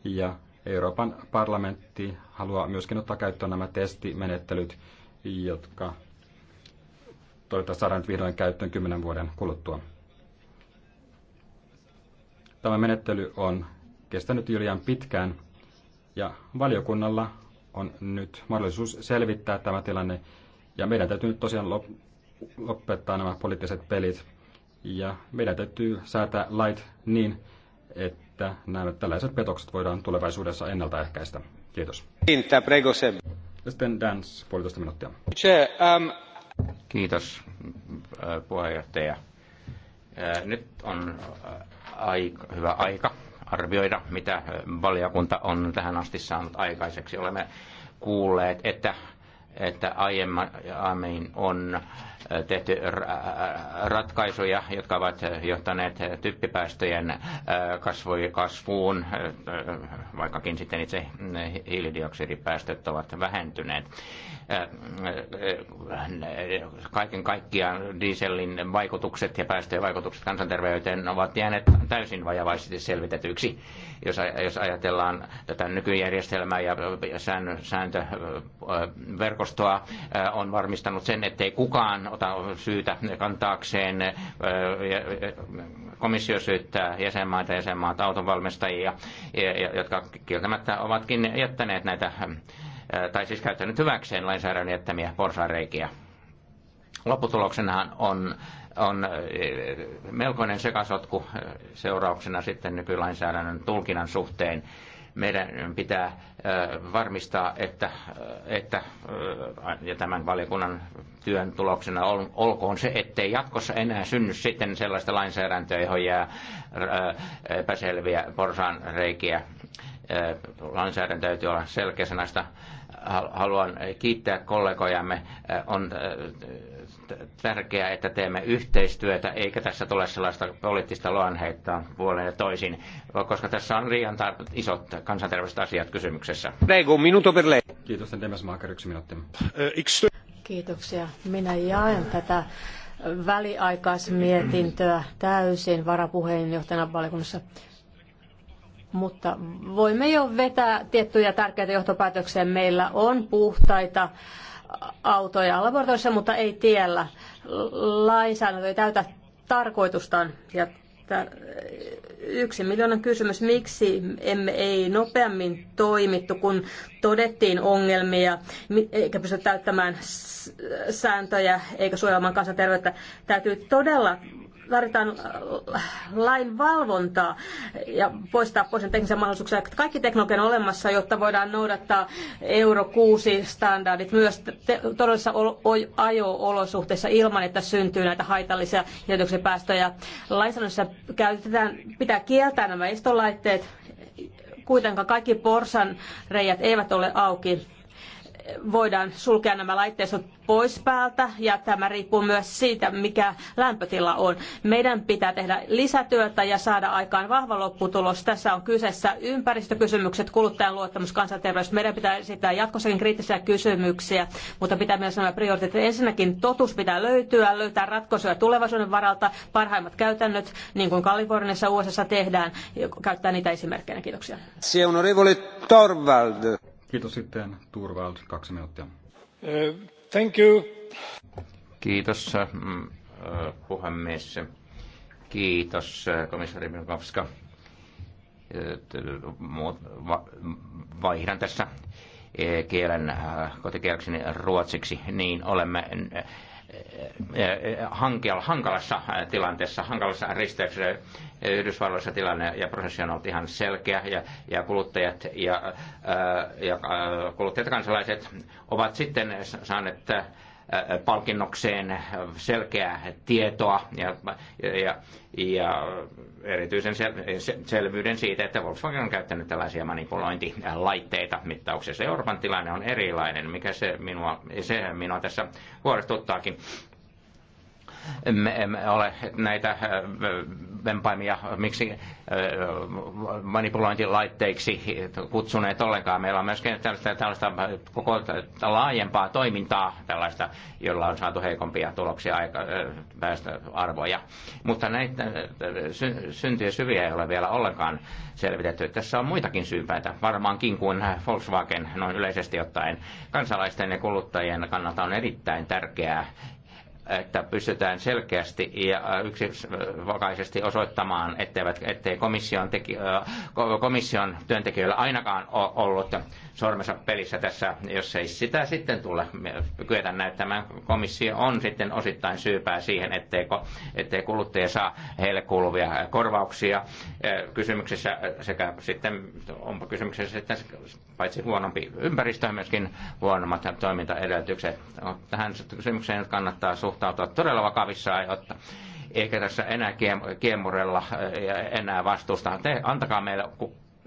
ja Euroopan parlamentti haluaa myöskin ottaa käyttöön nämä testimenettelyt, jotka toivottavasti saadaan nyt vihdoin käyttöön kymmenen vuoden kuluttua. Tämä menettely on kestänyt jo liian pitkään ja valiokunnalla on nyt mahdollisuus selvittää tämä tilanne ja meidän täytyy nyt tosiaan lopettaa nämä poliittiset pelit ja meidän täytyy säätää lait niin, että nämä tällaiset petokset voidaan tulevaisuudessa ennaltaehkäistä. Kiitos. Sitten Dance, puolitoista minuuttia. Kiitos, äh, puheenjohtaja. Äh, nyt on äh, aika, hyvä aika arvioida, mitä valiokunta on tähän asti saanut aikaiseksi. Olemme kuulleet, että, että aiemmin on tehty ratkaisuja, jotka ovat johtaneet typpipäästöjen kasvuun, vaikkakin sitten itse hiilidioksidipäästöt ovat vähentyneet. Kaiken kaikkiaan dieselin vaikutukset ja päästöjen vaikutukset kansanterveyteen ovat jääneet täysin vajavaisesti selvitetyiksi. Jos, jos ajatellaan tätä nykyjärjestelmää ja sääntöverkostoa, on varmistanut sen, ettei kukaan ota syytä kantaakseen. Komissio syyttää jäsenmaita, jäsenmaat, autonvalmistajia, jotka kieltämättä ovatkin jättäneet näitä, tai siis käyttäneet hyväkseen lainsäädännön jättämiä porsareikiä. Lopputuloksenahan on on melkoinen sekasotku seurauksena sitten nykylainsäädännön tulkinnan suhteen meidän pitää varmistaa, että, että ja tämän valiokunnan työn tuloksena on, olkoon se, ettei jatkossa enää synny sitten sellaista lainsäädäntöä, johon jää epäselviä reikiä. Lainsäädäntö täytyy olla selkeä sanasta. Haluan kiittää kollegojamme. On tärkeää, että teemme yhteistyötä, eikä tässä tule sellaista poliittista loanheittaa puoleen ja toisin, koska tässä on liian tar- isot kansanterveydelliset asiat kysymyksessä. Reiku, minuto per lei. Kiitos, Demesmaker, yksi minuutti. Eh, Kiitoksia. Minä jaan tätä väliaikaismietintöä täysin varapuheenjohtajana valiokunnassa mutta voimme jo vetää tiettyjä tärkeitä johtopäätöksiä. Meillä on puhtaita autoja laboratoriossa, mutta ei tiellä. Lainsäädäntö ei täytä tarkoitustaan. Ja yksi miljoonan kysymys, miksi emme ei nopeammin toimittu, kun todettiin ongelmia, eikä pysty täyttämään sääntöjä, eikä suojelemaan kansanterveyttä. Täytyy todella tarvitaan äh, lain valvontaa ja poistaa pois teknisiä mahdollisuuksia. Kaikki teknologia on olemassa, jotta voidaan noudattaa Euro 6 standardit myös te- todellisissa ajo-olosuhteissa ilman, että syntyy näitä haitallisia jätöksen päästöjä. Lainsäädännössä käytetään, pitää kieltää nämä estolaitteet. Kuitenkaan kaikki porsan reijät eivät ole auki voidaan sulkea nämä laitteistot pois päältä ja tämä riippuu myös siitä, mikä lämpötila on. Meidän pitää tehdä lisätyötä ja saada aikaan vahva lopputulos. Tässä on kyseessä ympäristökysymykset, kuluttajan luottamus, kansanterveys. Meidän pitää esittää jatkossakin kriittisiä kysymyksiä, mutta pitää myös nämä prioriteetit. Ensinnäkin totuus pitää löytyä, löytää ratkaisuja tulevaisuuden varalta, parhaimmat käytännöt, niin kuin Kaliforniassa USA tehdään, käyttää niitä esimerkkeinä. Kiitoksia. Se onorevole Torvald. Kiitos sitten Turvald, kaksi minuuttia. Eh, thank you. Kiitos mm, eh, puhemies. Kiitos eh, komissari Milkovska. Vaihdan tässä kielen kotikielekseni ruotsiksi, niin olemme Eh, eh, hankalassa eh, tilanteessa, hankalassa risteyksessä. Yhdysvalloissa tilanne ja prosessi on ollut ihan selkeä ja, ja kuluttajat ja, ja kuluttajat kansalaiset ovat sitten saaneet palkinnokseen selkeää tietoa ja, ja, ja erityisen sel, sel, selvyyden siitä, että Volkswagen on käyttänyt tällaisia manipulointilaitteita mittauksessa. Euroopan tilanne on erilainen, mikä se minua, se minua tässä huolestuttaakin emme, emme ole näitä äh, vempaimia miksi äh, manipulointilaitteiksi kutsuneet ollenkaan. Meillä on myös tällaista, tällaista äh, koko laajempaa toimintaa, tällaista, jolla on saatu heikompia tuloksia aika, päästöarvoja. Mutta näitä syntyjä syviä ei ole vielä ollenkaan selvitetty. Tässä on muitakin syypäitä varmaankin kuin Volkswagen noin yleisesti ottaen. Kansalaisten ja kuluttajien kannalta on erittäin tärkeää, että pystytään selkeästi ja yksivakaisesti osoittamaan, etteivät, ettei komission, teki, komission työntekijöillä ainakaan ollut sormensa pelissä tässä, jos ei sitä sitten tule kyetä näyttämään. Komissio on sitten osittain syypää siihen, ettei, ettei kuluttaja saa heille kuuluvia korvauksia kysymyksessä sekä sitten, onpa kysymyksessä sitten paitsi huonompi ympäristö, myöskin huonommat toimintaedellytykset. No, tähän kysymykseen kannattaa suhtautua todella vakavissaan, jotta eikä tässä enää kiemurella ja enää vastuusta. Te antakaa meille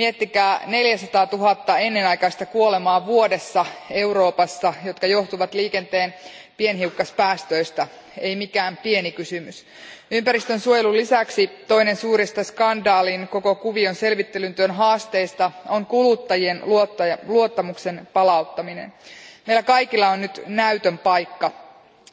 miettikää neljäsataa nolla ennenaikaista kuolemaa vuodessa euroopassa jotka johtuvat liikenteen pienhiukkaspäästöistä ei mikään pieni kysymys. ympäristönsuojelun lisäksi toinen suurista skandaalin koko kuvion selvittelyn työn haasteista on kuluttajien luottamuksen palauttaminen. meillä kaikilla on nyt näytön paikka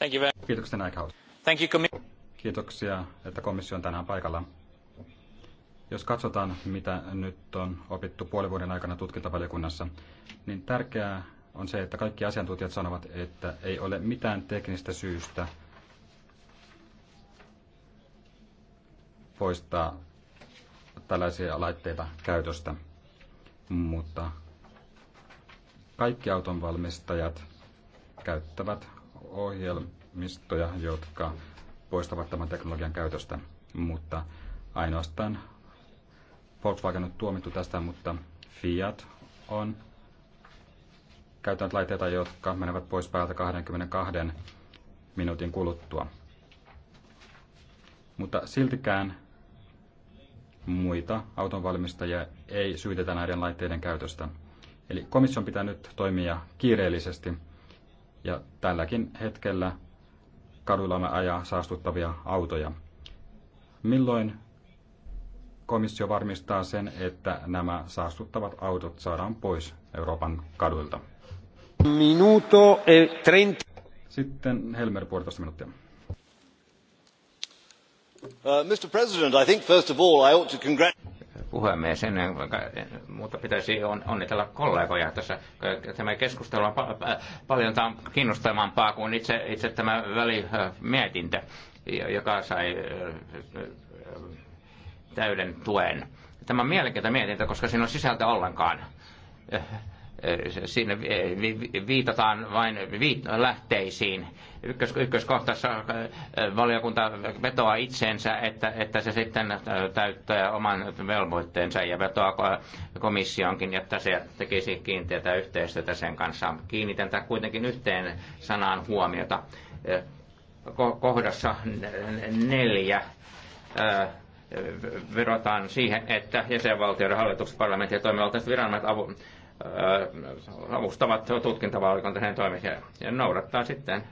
Thank you very... Kiitoksia näin Thank you, Kiitoksia, että komissio on tänään paikalla. Jos katsotaan, mitä nyt on opittu puolen vuoden aikana tutkintavaliokunnassa, niin tärkeää on se, että kaikki asiantuntijat sanovat, että ei ole mitään teknistä syystä poistaa tällaisia laitteita käytöstä. Mutta kaikki autonvalmistajat käyttävät ohjelmistoja, jotka poistavat tämän teknologian käytöstä, mutta ainoastaan Volkswagen on tuomittu tästä, mutta Fiat on käyttänyt laitteita, jotka menevät pois päältä 22 minuutin kuluttua. Mutta siltikään muita autonvalmistajia ei syytetä näiden laitteiden käytöstä. Eli komission pitää nyt toimia kiireellisesti ja tälläkin hetkellä kaduillamme ajaa saastuttavia autoja. Milloin komissio varmistaa sen, että nämä saastuttavat autot saadaan pois Euroopan kaduilta? Minuto e trenta. Sitten Helmer puolitoista minuuttia. Uh, Mr. President, I think first of all I ought to congratulate puhemies. Ennen mutta pitäisi onnitella kollegoja tässä. Tämä keskustelu on paljon kiinnostavampaa kuin itse, itse tämä välimietintö, joka sai täyden tuen. Tämä on mielenkiintoinen mietintö, koska siinä on sisältö ollenkaan siinä viitataan vain lähteisiin. Ykkös, ykköskohtassa valiokunta vetoaa itsensä, että, että se sitten täyttää oman velvoitteensa ja vetoaa komissioonkin, jotta se tekisi kiinteätä yhteistyötä sen kanssa. Kiinnitän kuitenkin yhteen sanaan huomiota. Kohdassa neljä vedotaan siihen, että jäsenvaltioiden hallitukset, parlamentti ja toimivaltaiset viranomaiset avustavat tutkintavaliokunta hänen toimisia ja noudattaa sitten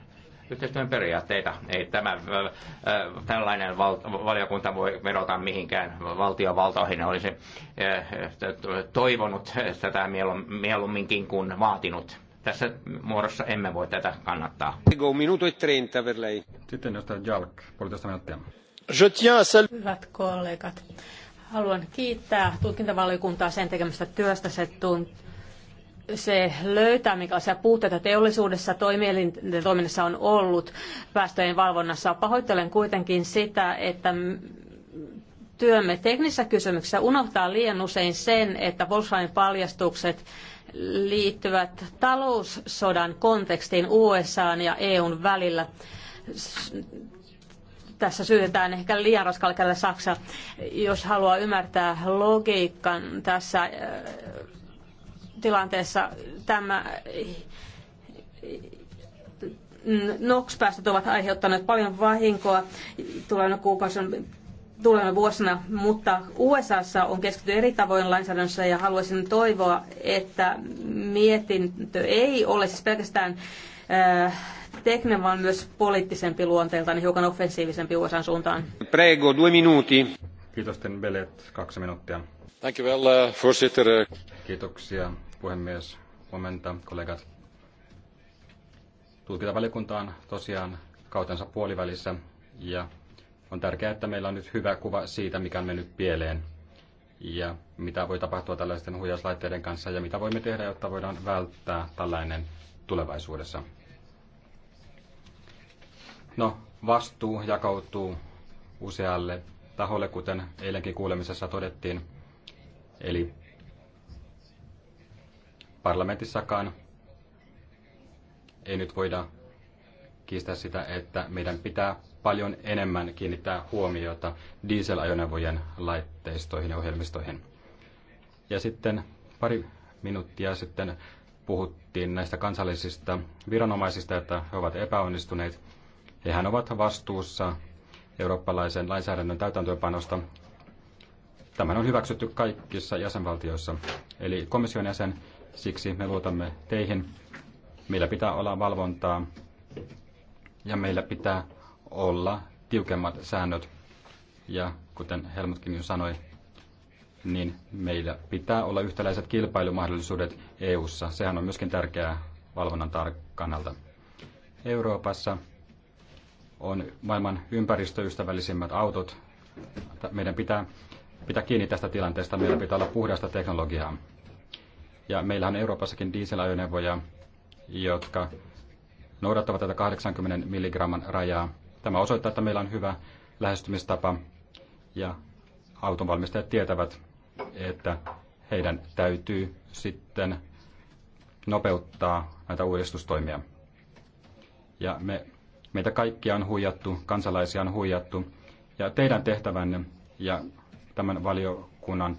yhteistyön periaatteita. Ei tämä tällainen val, valiokunta voi vedota mihinkään valtiovaltoihin. Olisi toivonut tätä mieluumminkin kuin vaatinut. Tässä muodossa emme voi tätä kannattaa. Minuutu 30 e per lei. Sitten jostain Jalk, puolitoista minuuttia. Hyvät kollegat, haluan kiittää tutkintavaliokuntaa sen tekemästä työstä. Se tuntuu se löytää, minkälaisia puutteita teollisuudessa toimielinten toiminnassa on ollut päästöjen valvonnassa. Pahoittelen kuitenkin sitä, että työmme teknisissä kysymyksissä unohtaa liian usein sen, että Volkswagen paljastukset liittyvät taloussodan kontekstiin USA ja EUn välillä. Tässä syytetään ehkä liian raskaalla kädellä Saksa. Jos haluaa ymmärtää logiikan tässä tilanteessa tämä mm, NOx-päästöt ovat aiheuttaneet paljon vahinkoa tulevina kuukausina tulevina vuosina, mutta USAssa on keskitty eri tavoin lainsäädännössä ja haluaisin toivoa, että mietintö ei ole siis pelkästään äh, tekninen, vaan myös poliittisempi luonteeltaan niin hiukan offensiivisempi USAn suuntaan. Prego, due minuti. Kiitos, Belet, kaksi minuuttia. Thank you well, uh, uh Kiitoksia, puhemies. Huomenta, kollegat. Tutkintavaliokunta on tosiaan kautensa puolivälissä ja on tärkeää, että meillä on nyt hyvä kuva siitä, mikä on mennyt pieleen ja mitä voi tapahtua tällaisten huijauslaitteiden kanssa ja mitä voimme tehdä, jotta voidaan välttää tällainen tulevaisuudessa. No, vastuu jakautuu usealle taholle, kuten eilenkin kuulemisessa todettiin. Eli parlamentissakaan ei nyt voida kiistää sitä, että meidän pitää paljon enemmän kiinnittää huomiota dieselajoneuvojen laitteistoihin ja ohjelmistoihin. Ja sitten pari minuuttia sitten puhuttiin näistä kansallisista viranomaisista, että he ovat epäonnistuneet. Hehän ovat vastuussa eurooppalaisen lainsäädännön täytäntöönpanosta. Tämän on hyväksytty kaikissa jäsenvaltioissa. Eli komission jäsen, Siksi me luotamme teihin. Meillä pitää olla valvontaa ja meillä pitää olla tiukemmat säännöt. Ja kuten Helmutkin jo sanoi, niin meillä pitää olla yhtäläiset kilpailumahdollisuudet EU:ssa. Sehän on myöskin tärkeää valvonnan kannalta. Euroopassa on maailman ympäristöystävällisimmät autot. Meidän pitää pitää kiinni tästä tilanteesta. Meillä pitää olla puhdasta teknologiaa. Ja meillähän on Euroopassakin dieselajoneuvoja, jotka noudattavat tätä 80 milligramman rajaa. Tämä osoittaa, että meillä on hyvä lähestymistapa ja autonvalmistajat tietävät, että heidän täytyy sitten nopeuttaa näitä uudistustoimia. Ja me, meitä kaikkia on huijattu, kansalaisia on huijattu, ja teidän tehtävänne ja tämän valiokunnan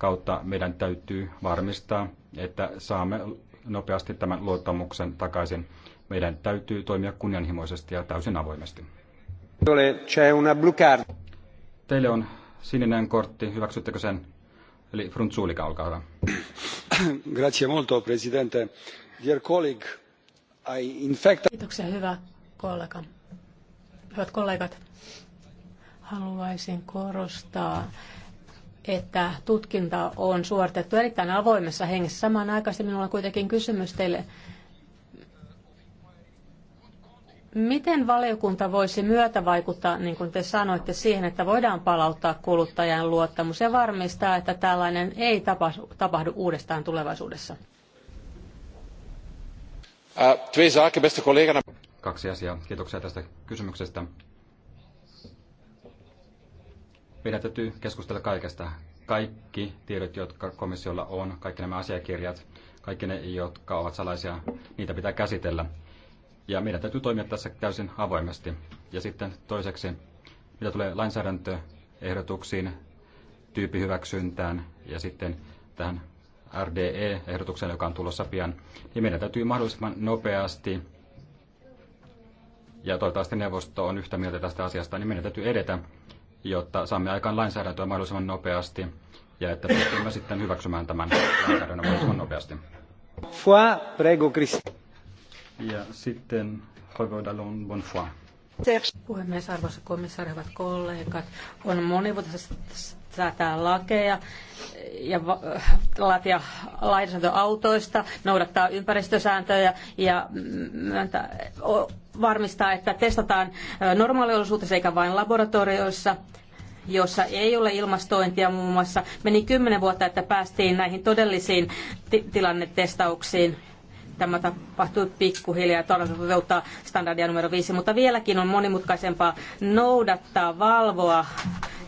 kautta meidän täytyy varmistaa, että saamme nopeasti tämän luottamuksen takaisin. Meidän täytyy toimia kunnianhimoisesti ja täysin avoimesti. Teille on sininen kortti, hyväksyttekö sen? Eli Frunzulika, olkaa hyvä. Grazie molto, presidente. Dear colleague, I in fact... Kiitoksia, hyvä kollega. Hyvät kollegat, haluaisin korostaa että tutkinta on suoritettu erittäin avoimessa hengessä. aikaan minulla on kuitenkin kysymys teille. Miten valiokunta voisi vaikuttaa, niin kuin te sanoitte, siihen, että voidaan palauttaa kuluttajan luottamus ja varmistaa, että tällainen ei tapahdu, tapahdu uudestaan tulevaisuudessa? Äh, Kaksi asiaa. Kiitoksia tästä kysymyksestä. Meidän täytyy keskustella kaikesta. Kaikki tiedot, jotka komissiolla on, kaikki nämä asiakirjat, kaikki ne, jotka ovat salaisia, niitä pitää käsitellä. Ja meidän täytyy toimia tässä täysin avoimesti. Ja sitten toiseksi, mitä tulee lainsäädäntöehdotuksiin, tyyppihyväksyntään ja sitten tähän RDE-ehdotukseen, joka on tulossa pian, niin meidän täytyy mahdollisimman nopeasti, ja toivottavasti neuvosto on yhtä mieltä tästä asiasta, niin meidän täytyy edetä, jotta saamme aikaan lainsäädäntöä mahdollisimman nopeasti ja että pystymme sitten hyväksymään tämän lainsäädännön mahdollisimman nopeasti. Foi, prego, ja sitten Toivo bon Bonfoy. Puhemies, arvoisa komissaari, hyvät kollegat, on monivuotisesta säätää lakeja ja laatia lainsäädäntöautoista, noudattaa ympäristösääntöjä ja varmistaa, että testataan normaaliolosuhteissa eikä vain laboratorioissa jossa ei ole ilmastointia muun muassa. Meni kymmenen vuotta, että päästiin näihin todellisiin ti- tilannetestauksiin. Tämä tapahtui pikkuhiljaa ja toteuttaa standardia numero viisi, mutta vieläkin on monimutkaisempaa noudattaa, valvoa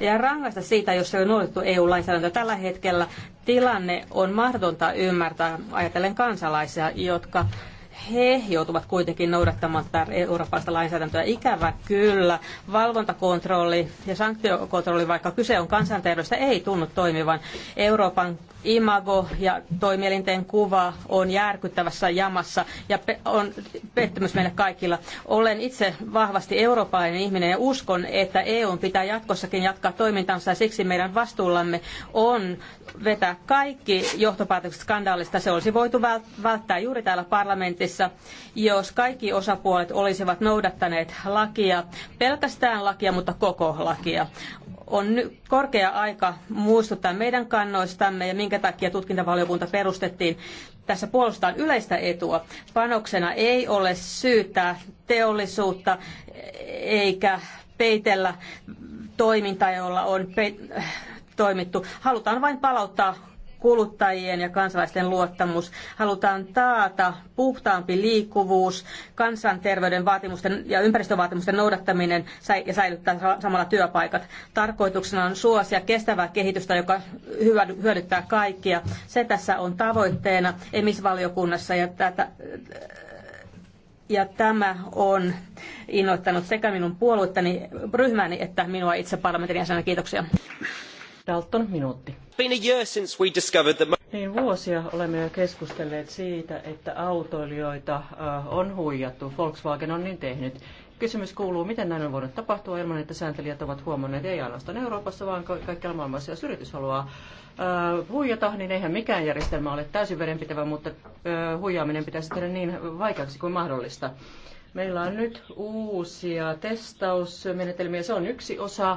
ja rangaista siitä, jos ei ole noudatettu EU-lainsäädäntöä. Tällä hetkellä tilanne on mahdotonta ymmärtää, ajatellen kansalaisia, jotka he joutuvat kuitenkin noudattamaan tätä eurooppalaista lainsäädäntöä. Ikävä kyllä. Valvontakontrolli ja sanktiokontrolli, vaikka kyse on kansanterveydestä, ei tunnu toimivan. Euroopan imago ja toimielinten kuva on järkyttävässä jamassa ja on pettymys meille kaikilla. Olen itse vahvasti eurooppalainen ihminen ja uskon, että EU pitää jatkossakin jatkaa toimintansa ja siksi meidän vastuullamme on vetää kaikki johtopäätökset skandaalista. Se olisi voitu välttää juuri täällä parlamentissa Egyptissä, jos kaikki osapuolet olisivat noudattaneet lakia, pelkästään lakia, mutta koko lakia. On nyt korkea aika muistuttaa meidän kannoistamme ja minkä takia tutkintavaliokunta perustettiin. Tässä puolustetaan yleistä etua. Panoksena ei ole syytää teollisuutta eikä peitellä toimintaa, jolla on toimittu. Halutaan vain palauttaa kuluttajien ja kansalaisten luottamus. Halutaan taata puhtaampi liikkuvuus, kansanterveyden vaatimusten ja ympäristövaatimusten noudattaminen ja säilyttää samalla työpaikat. Tarkoituksena on suosia kestävää kehitystä, joka hyödyttää kaikkia. Se tässä on tavoitteena emisvaliokunnassa ja tätä ja tämä on innoittanut sekä minun puoluettani, ryhmäni, että minua itse parlamentin jäsenä. Kiitoksia. Dalton, minuutti. Niin vuosia olemme jo keskustelleet siitä, että autoilijoita on huijattu. Volkswagen on niin tehnyt. Kysymys kuuluu, miten näin on voinut tapahtua ilman, että sääntelijät ovat huomanneet, ei ainoastaan Euroopassa, vaan kaikkialla maailmassa. Jos yritys haluaa uh, huijata, niin eihän mikään järjestelmä ole täysin vedenpitävä, mutta uh, huijaaminen pitäisi tehdä niin vaikeaksi kuin mahdollista. Meillä on nyt uusia testausmenetelmiä. Se on yksi osa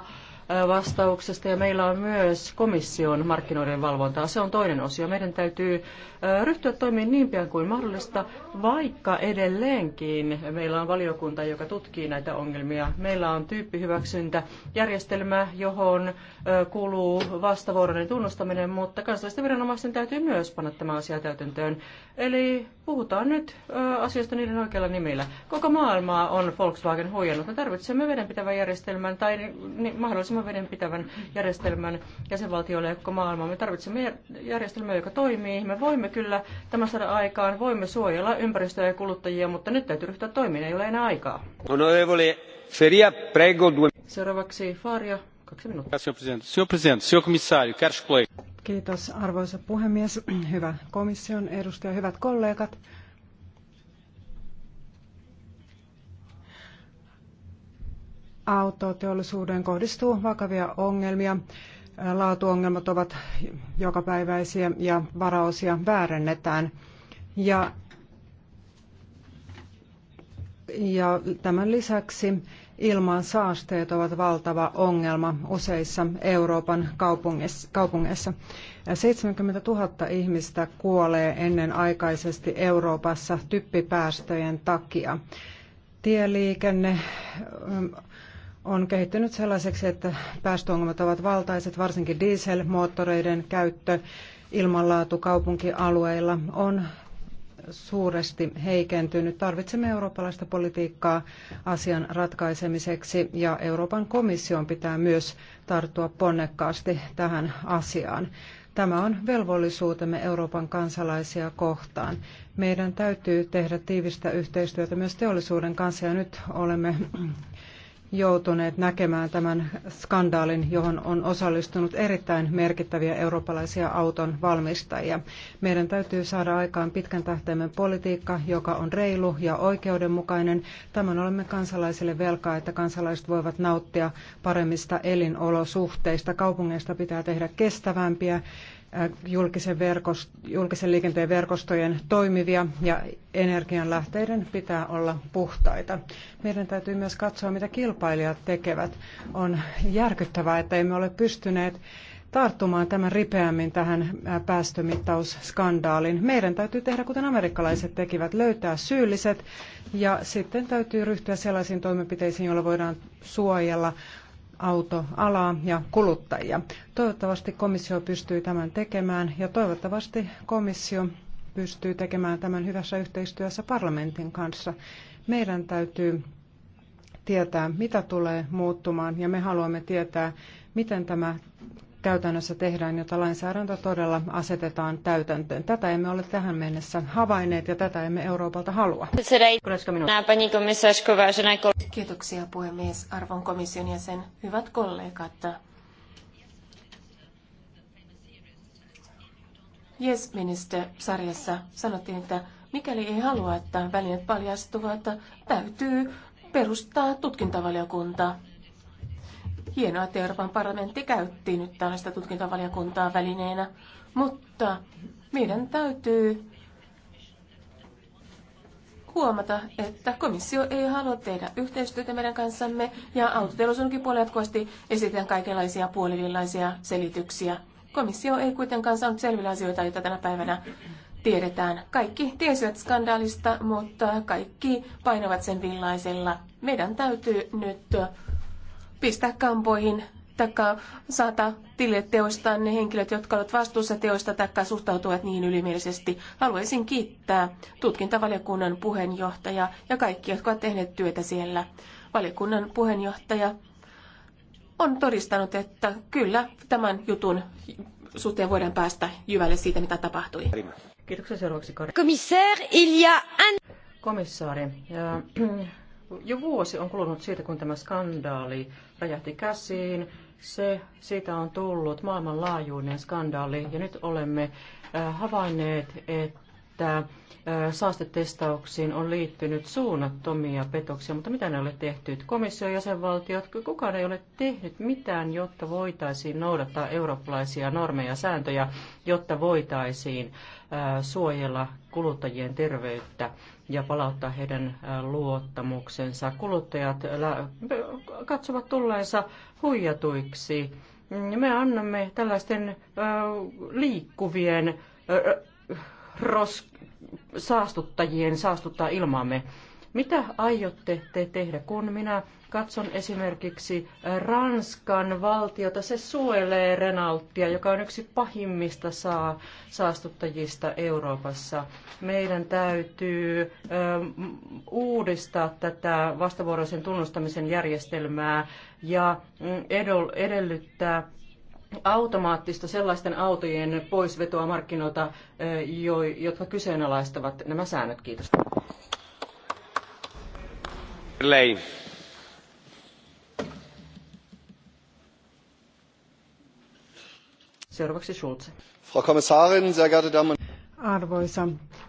vastauksesta ja meillä on myös komission markkinoiden valvontaa. Se on toinen osio. Meidän täytyy ryhtyä toimiin niin pian kuin mahdollista, vaikka edelleenkin meillä on valiokunta, joka tutkii näitä ongelmia. Meillä on tyyppihyväksyntäjärjestelmä, johon kuuluu vastavuoroinen tunnustaminen, mutta kansallisten viranomaisten täytyy myös panna tämä asia täytäntöön. Eli puhutaan nyt asioista niiden oikeilla nimillä. Koko maailmaa on Volkswagen huijannut. Me tarvitsemme vedenpitävän järjestelmän tai mahdollisimman mahdollisimman vedenpitävän järjestelmän jäsenvaltioille ja koko maailmaan. Me tarvitsemme järjestelmää, joka toimii. Me voimme kyllä tämän saada aikaan, voimme suojella ympäristöä ja kuluttajia, mutta nyt täytyy ryhtyä toimiin, ei ole enää aikaa. Onorevole Feria, prego due. Seuraavaksi Faria, kaksi minuuttia. Signor Presidente, signor Commissario, Kiitos arvoisa puhemies, hyvä komission edustaja, hyvät kollegat. autoteollisuuden kohdistuu vakavia ongelmia. Laatuongelmat ovat jokapäiväisiä ja varaosia väärennetään. Ja, ja tämän lisäksi ilman saasteet ovat valtava ongelma useissa Euroopan kaupungeissa. 70 000 ihmistä kuolee ennenaikaisesti Euroopassa typpipäästöjen takia. Tieliikenne, on kehittynyt sellaiseksi, että päästöongelmat ovat valtaiset, varsinkin dieselmoottoreiden käyttö ilmanlaatu kaupunkialueilla on suuresti heikentynyt. Tarvitsemme eurooppalaista politiikkaa asian ratkaisemiseksi ja Euroopan komission pitää myös tarttua ponnekkaasti tähän asiaan. Tämä on velvollisuutemme Euroopan kansalaisia kohtaan. Meidän täytyy tehdä tiivistä yhteistyötä myös teollisuuden kanssa ja nyt olemme joutuneet näkemään tämän skandaalin, johon on osallistunut erittäin merkittäviä eurooppalaisia auton valmistajia. Meidän täytyy saada aikaan pitkän tähtäimen politiikka, joka on reilu ja oikeudenmukainen. Tämän olemme kansalaisille velkaa, että kansalaiset voivat nauttia paremmista elinolosuhteista. Kaupungeista pitää tehdä kestävämpiä Äh, julkisen, verkost, julkisen liikenteen verkostojen toimivia ja energianlähteiden pitää olla puhtaita. Meidän täytyy myös katsoa, mitä kilpailijat tekevät. On järkyttävää, että emme ole pystyneet tarttumaan tämän ripeämmin tähän äh, päästömittausskandaalin. Meidän täytyy tehdä, kuten amerikkalaiset tekivät, löytää syylliset ja sitten täytyy ryhtyä sellaisiin toimenpiteisiin, joilla voidaan suojella autoalaa ja kuluttajia. Toivottavasti komissio pystyy tämän tekemään ja toivottavasti komissio pystyy tekemään tämän hyvässä yhteistyössä parlamentin kanssa. Meidän täytyy tietää, mitä tulee muuttumaan ja me haluamme tietää, miten tämä käytännössä tehdään, jota lainsäädäntö todella asetetaan täytäntöön. Tätä emme ole tähän mennessä havainneet ja tätä emme Euroopalta halua. Kiitoksia puhemies, arvon komission jäsen, hyvät kollegat. Yes Minister-sarjassa sanottiin, että mikäli ei halua, että välineet paljastuvat, täytyy perustaa tutkintavaliokunta. Hienoa, että Euroopan parlamentti käytti nyt tällaista tutkintavaliokuntaa välineenä, mutta meidän täytyy huomata, että komissio ei halua tehdä yhteistyötä meidän kanssamme ja autoteollisuudenkin puolella jatkuvasti esitetään kaikenlaisia puolivillaisia selityksiä. Komissio ei kuitenkaan saanut selville asioita, joita tänä päivänä tiedetään. Kaikki tiesivät skandaalista, mutta kaikki painavat sen villaisella. Meidän täytyy nyt pistää kampoihin taikka saata tilille teoistaan ne henkilöt, jotka ovat vastuussa teoista taikka suhtautuvat niihin ylimielisesti. Haluaisin kiittää tutkintavaliokunnan puheenjohtaja ja kaikki, jotka ovat tehneet työtä siellä. Valiokunnan puheenjohtaja on todistanut, että kyllä tämän jutun suhteen voidaan päästä jyvälle siitä, mitä tapahtui. Kiitoksia seuraavaksi, Kari. Komissaari, il y a un... Komissaari, ja, jo vuosi on kulunut siitä, kun tämä skandaali räjähti käsiin. Se, siitä on tullut maailmanlaajuinen skandaali ja nyt olemme äh, havainneet, että äh, saastetestauksiin on liittynyt suunnattomia petoksia, mutta mitä ne ole tehty? Komissio, jäsenvaltiot, kukaan ei ole tehnyt mitään, jotta voitaisiin noudattaa eurooppalaisia normeja ja sääntöjä, jotta voitaisiin äh, suojella kuluttajien terveyttä ja palauttaa heidän luottamuksensa. Kuluttajat katsovat tulleensa huijatuiksi. Me annamme tällaisten liikkuvien ros, saastuttajien saastuttaa ilmaamme. Mitä aiotte te tehdä, kun minä Katson esimerkiksi äh, Ranskan valtiota. Se suojelee Renalttia, joka on yksi pahimmista saa, saastuttajista Euroopassa. Meidän täytyy ö, ähm, uudistaa tätä vastavuoroisen tunnustamisen järjestelmää ja mm, edol, edellyttää automaattista sellaisten autojen poisvetoa markkinoilta, ö, äh, jotka kyseenalaistavat nämä säännöt. Kiitos. Lei. Seuraavaksi Schulze. Frau Kommissarin, sehr geehrte Damen Arvoisa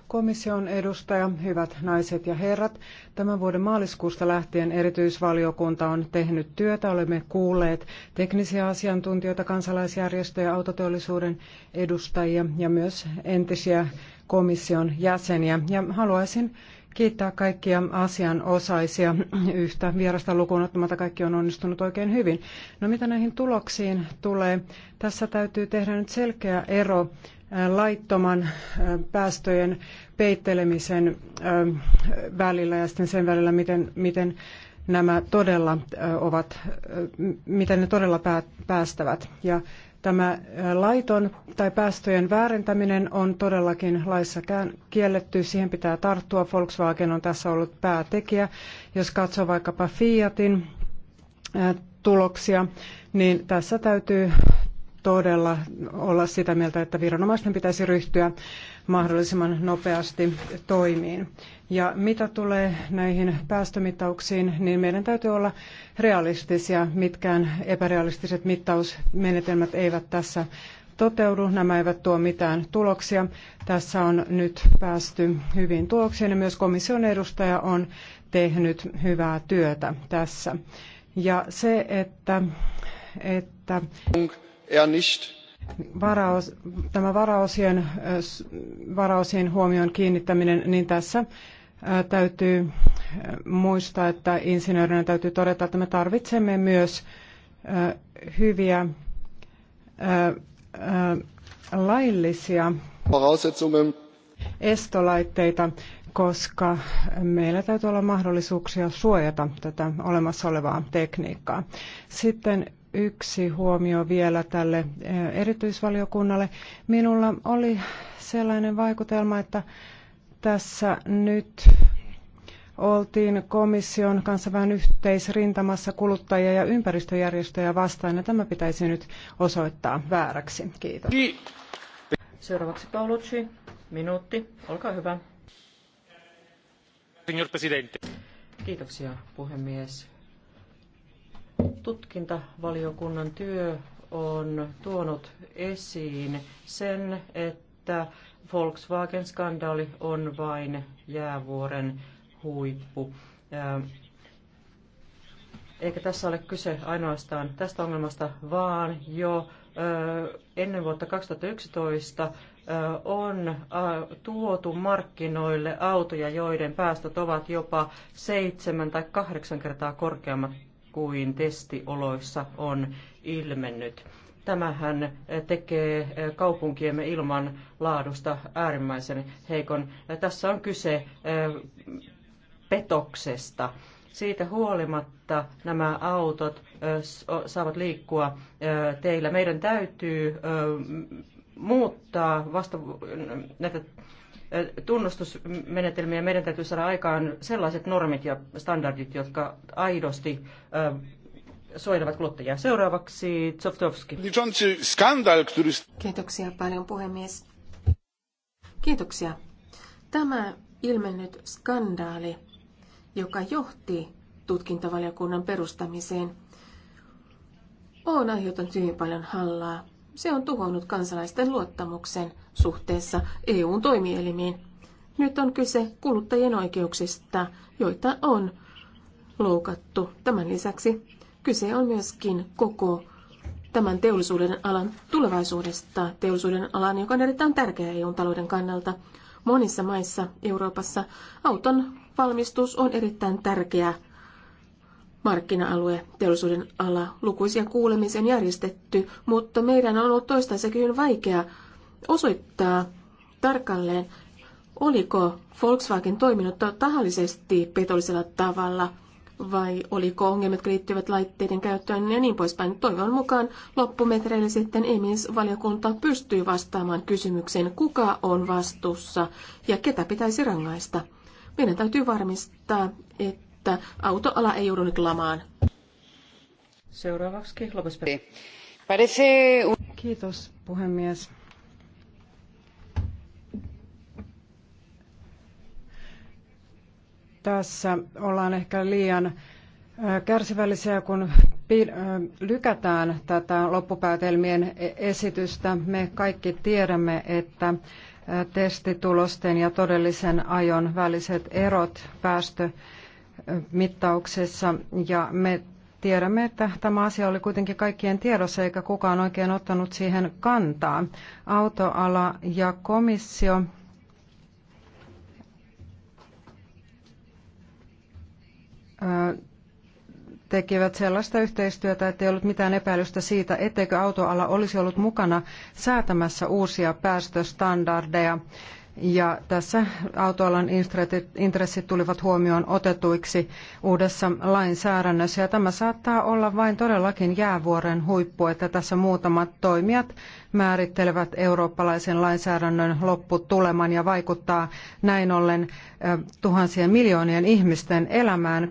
komission edustaja, hyvät naiset ja herrat, tämän vuoden maaliskuusta lähtien erityisvaliokunta on tehnyt työtä. Olemme kuulleet teknisiä asiantuntijoita, kansalaisjärjestöjä, autoteollisuuden edustajia ja myös entisiä komission jäseniä. Ja haluaisin kiittää kaikkia asianosaisia yhtä vierasta lukuun ottamatta. Kaikki on onnistunut oikein hyvin. No mitä näihin tuloksiin tulee? Tässä täytyy tehdä nyt selkeä ero äh, laittoman äh, päästöjen peittelemisen äh, välillä ja sitten sen välillä, miten, miten nämä todella ovat, miten ne todella päästävät. Ja Tämä laiton tai päästöjen väärentäminen on todellakin laissa kielletty. Siihen pitää tarttua. Volkswagen on tässä ollut päätekijä. Jos katsoo vaikkapa Fiatin tuloksia, niin tässä täytyy todella olla sitä mieltä, että viranomaisten pitäisi ryhtyä mahdollisimman nopeasti toimiin. Ja mitä tulee näihin päästömittauksiin, niin meidän täytyy olla realistisia. Mitkään epärealistiset mittausmenetelmät eivät tässä toteudu, nämä eivät tuo mitään tuloksia. Tässä on nyt päästy hyvin tuloksiin ja myös komission edustaja on tehnyt hyvää työtä tässä. Ja se, että... että er nicht varaos, tämä varaosien, varaosien huomion kiinnittäminen, niin tässä täytyy muistaa, että insinöörinä täytyy todeta, että me tarvitsemme myös hyviä laillisia estolaitteita, koska meillä täytyy olla mahdollisuuksia suojata tätä olemassa olevaa tekniikkaa. Sitten yksi huomio vielä tälle eh, erityisvaliokunnalle. Minulla oli sellainen vaikutelma, että tässä nyt oltiin komission kanssa vähän yhteisrintamassa kuluttajia ja ympäristöjärjestöjä vastaan, ja tämä pitäisi nyt osoittaa vääräksi. Kiitos. Seuraavaksi Paulucci, minuutti, olkaa hyvä. Signor Presidente. Kiitoksia, puhemies tutkintavaliokunnan työ on tuonut esiin sen, että Volkswagen-skandaali on vain jäävuoren huippu. Eikä tässä ole kyse ainoastaan tästä ongelmasta, vaan jo ennen vuotta 2011 on tuotu markkinoille autoja, joiden päästöt ovat jopa seitsemän tai kahdeksan kertaa korkeammat kuin testioloissa on ilmennyt. Tämähän tekee kaupunkiemme ilman laadusta äärimmäisen heikon. Tässä on kyse eh, petoksesta. Siitä huolimatta nämä autot eh, saavat liikkua eh, teillä. Meidän täytyy muuttaa vasta näitä tunnustusmenetelmiä. Meidän täytyy saada aikaan sellaiset normit ja standardit, jotka aidosti suojelevat kuluttajia. Seuraavaksi Tsoftovski. Kiitoksia paljon puhemies. Kiitoksia. Tämä ilmennyt skandaali, joka johti tutkintavaliokunnan perustamiseen, on aiheuttanut hyvin paljon hallaa se on tuhonnut kansalaisten luottamuksen suhteessa EUn toimielimiin. Nyt on kyse kuluttajien oikeuksista, joita on loukattu. Tämän lisäksi kyse on myöskin koko tämän teollisuuden alan tulevaisuudesta, teollisuuden alan, joka on erittäin tärkeä EUn talouden kannalta. Monissa maissa Euroopassa auton valmistus on erittäin tärkeää markkina-alue, teollisuuden ala. Lukuisia kuulemisia on järjestetty, mutta meidän on ollut toistaiseksi hyvin vaikea osoittaa tarkalleen, oliko Volkswagen toiminut tahallisesti petollisella tavalla vai oliko ongelmat, liittyvät laitteiden käyttöön ja niin poispäin. Toivon mukaan loppumetreillä sitten EMIS-valiokunta pystyy vastaamaan kysymykseen, kuka on vastuussa ja ketä pitäisi rangaista. Meidän täytyy varmistaa, että että autoala ei joudu nyt lamaan. Seuraavaksi Lopes. Kiitos puhemies. Tässä ollaan ehkä liian kärsivällisiä, kun lykätään tätä loppupäätelmien e- esitystä. Me kaikki tiedämme, että testitulosten ja todellisen ajon väliset erot päästö mittauksessa ja me tiedämme, että tämä asia oli kuitenkin kaikkien tiedossa eikä kukaan oikein ottanut siihen kantaa. Autoala ja komissio tekivät sellaista yhteistyötä, ettei ollut mitään epäilystä siitä, etteikö autoala olisi ollut mukana säätämässä uusia päästöstandardeja. Ja tässä autoalan intressit tulivat huomioon otetuiksi uudessa lainsäädännössä. Ja tämä saattaa olla vain todellakin jäävuoren huippu, että tässä muutamat toimijat määrittelevät eurooppalaisen lainsäädännön lopputuleman ja vaikuttaa näin ollen tuhansien miljoonien ihmisten elämään.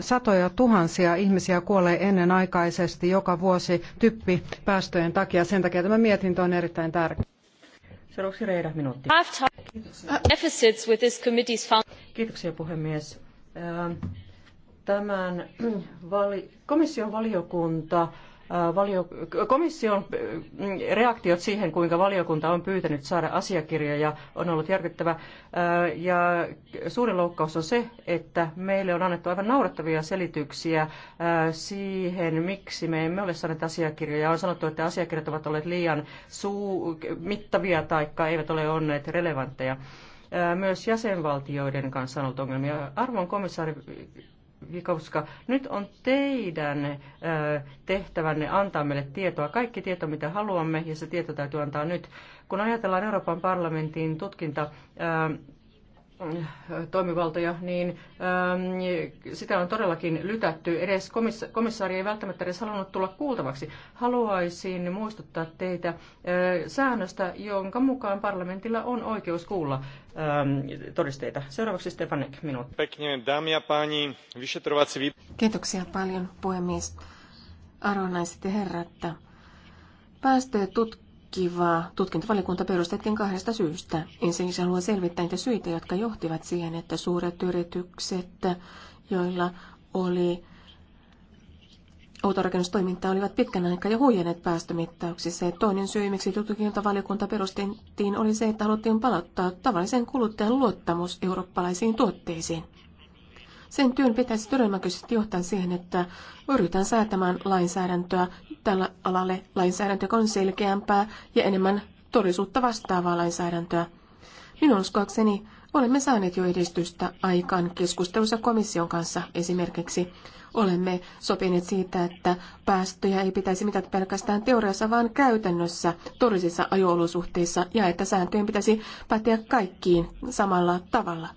Satoja tuhansia ihmisiä kuolee ennenaikaisesti joka vuosi typpipäästöjen takia. Sen takia tämä mietintö on erittäin tärkeä. Seuraavaksi Kiitoksia puhemies. Tämän vali- komission valiokunta valio, komission äh, reaktiot siihen, kuinka valiokunta on pyytänyt saada asiakirjoja, on ollut järkyttävä. Äh, ja suuri loukkaus on se, että meille on annettu aivan naurettavia selityksiä äh, siihen, miksi me emme ole saaneet asiakirjoja. On sanottu, että asiakirjat ovat olleet liian suu, mittavia tai eivät ole olleet relevantteja myös jäsenvaltioiden kanssa on ollut ongelmia. Arvon komissaari, koska nyt on teidän tehtävänne antaa meille tietoa, kaikki tieto mitä haluamme, ja se tieto täytyy antaa nyt. Kun ajatellaan Euroopan parlamentin tutkinta toimivaltoja, niin ähm, sitä on todellakin lytätty. Edes komissa- komissaari ei välttämättä edes halunnut tulla kuultavaksi. Haluaisin muistuttaa teitä äh, säännöstä, jonka mukaan parlamentilla on oikeus kuulla ähm, todisteita. Seuraavaksi Stefanek, minuut. Kiitoksia paljon, puhemies. Arvonaiset ja herrat tutkiva tutkintavaliokunta perustettiin kahdesta syystä. Ensinnäkin haluaa selvittää niitä syitä, jotka johtivat siihen, että suuret yritykset, joilla oli autorakennustoimintaa, olivat pitkän aikaa jo huijanneet päästömittauksissa. Ja toinen syy, miksi tutkintavaliokunta perustettiin, oli se, että haluttiin palauttaa tavallisen kuluttajan luottamus eurooppalaisiin tuotteisiin. Sen työn pitäisi todennäköisesti johtaa siihen, että yritetään säätämään lainsäädäntöä tällä alalle lainsäädäntö, on selkeämpää ja enemmän todellisuutta vastaavaa lainsäädäntöä. Minun uskoakseni olemme saaneet jo edistystä aikaan keskustelussa komission kanssa esimerkiksi. Olemme sopineet siitä, että päästöjä ei pitäisi mitata pelkästään teoriassa, vaan käytännössä todellisissa ajo ja että sääntöjen pitäisi päteä kaikkiin samalla tavalla.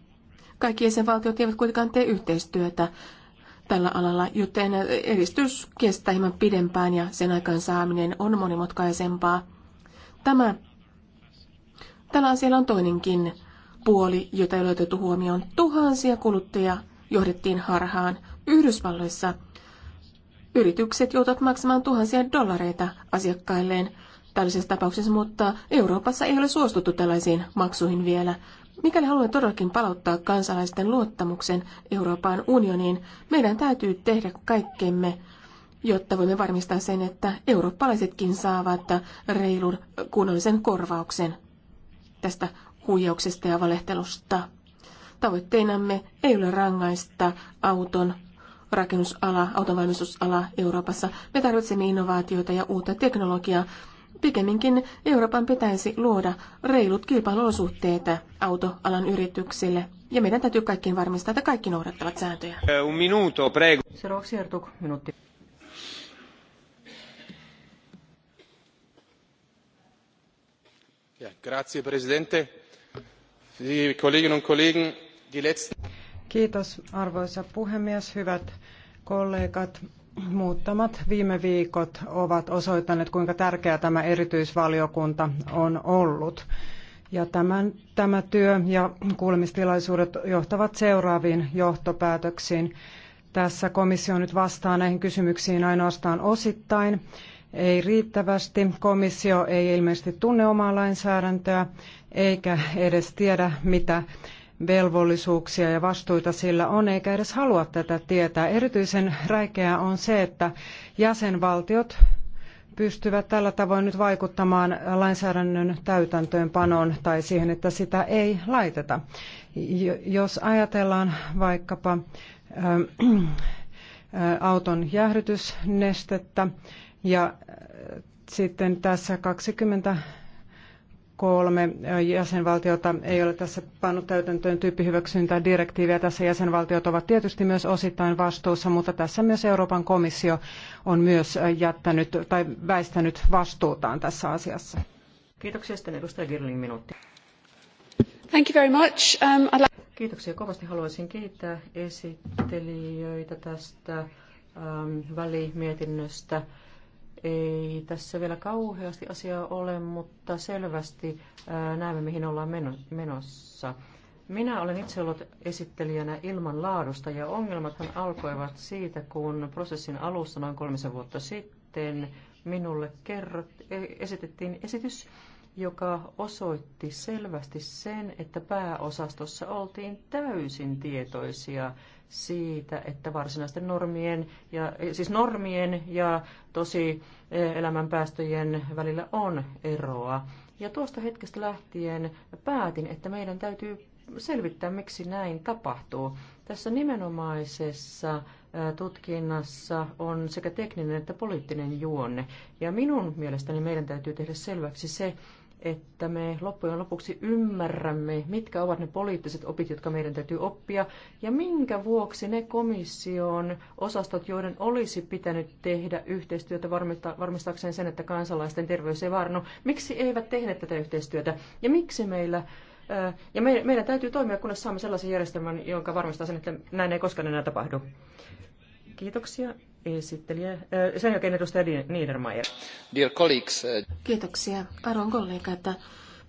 Kaikki jäsenvaltiot eivät kuitenkaan tee yhteistyötä tällä alalla, joten edistys kestää hieman pidempään ja sen aikaan saaminen on monimutkaisempaa. Tämä, tällä asialla on toinenkin puoli, jota ei ole otettu huomioon. Tuhansia kuluttajia johdettiin harhaan. Yhdysvalloissa yritykset joutuvat maksamaan tuhansia dollareita asiakkailleen tällaisessa tapauksessa, mutta Euroopassa ei ole suostuttu tällaisiin maksuihin vielä. Mikäli haluamme todellakin palauttaa kansalaisten luottamuksen Euroopan unioniin, meidän täytyy tehdä kaikkemme, jotta voimme varmistaa sen, että eurooppalaisetkin saavat reilun kunnollisen korvauksen tästä huijauksesta ja valehtelusta. Tavoitteinamme ei ole rangaista auton rakennusala, autonvalmistusala Euroopassa. Me tarvitsemme innovaatioita ja uutta teknologiaa, Pikemminkin Euroopan pitäisi luoda reilut kilpailuolosuhteet autoalan yrityksille. Ja meidän täytyy kaikkiin varmistaa, että kaikki noudattavat sääntöjä. Eh, un minuto, prego. Seuraavaksi Ertuk, Grazie, presidente. Kolleginnen und Kollegen, die letzten... Kiitos, arvoisa puhemies. Hyvät kollegat. Muutamat viime viikot ovat osoittaneet, kuinka tärkeä tämä erityisvaliokunta on ollut. Ja tämän, tämä työ ja kuulemistilaisuudet johtavat seuraaviin johtopäätöksiin. Tässä komissio nyt vastaa näihin kysymyksiin ainoastaan osittain. Ei riittävästi. Komissio ei ilmeisesti tunne omaa lainsäädäntöä eikä edes tiedä, mitä velvollisuuksia ja vastuita sillä on, eikä edes halua tätä tietää. Erityisen räikeää on se, että jäsenvaltiot pystyvät tällä tavoin nyt vaikuttamaan lainsäädännön täytäntöönpanoon tai siihen, että sitä ei laiteta. Jos ajatellaan vaikkapa äh, auton jäähdytysnestettä ja äh, sitten tässä 20 kolme jäsenvaltiota ei ole tässä pannut täytäntöön tyyppihyväksyntää direktiiviä. Tässä jäsenvaltiot ovat tietysti myös osittain vastuussa, mutta tässä myös Euroopan komissio on myös jättänyt tai väistänyt vastuutaan tässä asiassa. Kiitoksia. Sitten edustaja Girling minuutti. Thank you very much. Um, I'd like... Kiitoksia kovasti. Haluaisin kiittää esittelijöitä tästä um, välimietinnöstä. Ei tässä vielä kauheasti asiaa ole, mutta selvästi näemme, mihin ollaan menossa. Minä olen itse ollut esittelijänä ilman laadusta ja ongelmathan alkoivat siitä, kun prosessin alussa noin kolmisen vuotta sitten minulle kerrot, e-, esitettiin esitys, joka osoitti selvästi sen, että pääosastossa oltiin täysin tietoisia siitä, että varsinaisten normien ja, siis normien ja tosi e, elämän päästöjen välillä on eroa. Ja tuosta hetkestä lähtien päätin, että meidän täytyy selvittää, miksi näin tapahtuu. Tässä nimenomaisessa e, tutkinnassa on sekä tekninen että poliittinen juonne. Ja minun mielestäni meidän täytyy tehdä selväksi se, että me loppujen lopuksi ymmärrämme, mitkä ovat ne poliittiset opit, jotka meidän täytyy oppia, ja minkä vuoksi ne komission osastot, joiden olisi pitänyt tehdä yhteistyötä varmistaakseen sen, että kansalaisten terveys ei varno, miksi eivät tehneet tätä yhteistyötä, ja miksi meillä ja me, meidän täytyy toimia, kunnes saamme sellaisen järjestelmän, jonka varmistaa sen, että näin ei koskaan enää tapahdu. Kiitoksia esittelijä, sen jälkeen edustaja Niedermayer. Dear colleagues. Kiitoksia, arvon kollegat.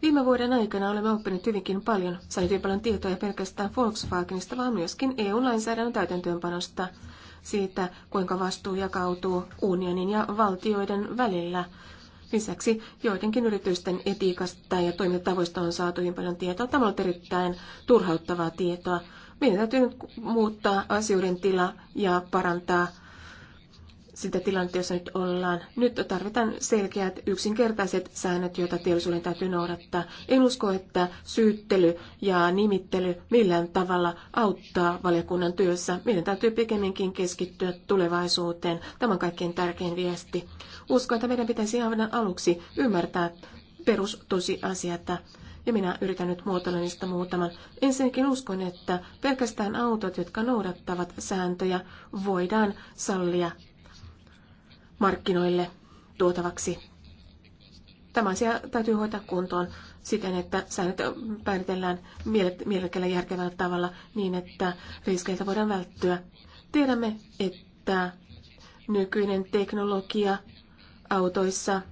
Viime vuoden aikana olemme oppineet hyvinkin paljon, sain hyvin paljon tietoa ei pelkästään Volkswagenista, vaan myöskin EU-lainsäädännön täytäntöönpanosta siitä, kuinka vastuu jakautuu unionin ja valtioiden välillä. Lisäksi joidenkin yritysten etiikasta ja toimintatavoista on saatu hyvin paljon tietoa. Tämä on erittäin turhauttavaa tietoa. Meidän täytyy nyt muuttaa asioiden tila ja parantaa sitä tilannetta, jossa nyt ollaan. Nyt tarvitaan selkeät, yksinkertaiset säännöt, joita teollisuuden täytyy noudattaa. En usko, että syyttely ja nimittely millään tavalla auttaa valiokunnan työssä. Meidän täytyy pikemminkin keskittyä tulevaisuuteen. Tämä on kaikkein tärkein viesti. Uskon, että meidän pitäisi aivan aluksi ymmärtää perustosiasiat ja minä yritän nyt muotoilla niistä muutaman. Ensinnäkin uskon, että pelkästään autot, jotka noudattavat sääntöjä, voidaan sallia markkinoille tuotavaksi. Tämä asia täytyy hoitaa kuntoon siten, että säännöt päätellään mielekkäällä järkevällä tavalla niin, että riskeiltä voidaan välttyä. Tiedämme, että nykyinen teknologia autoissa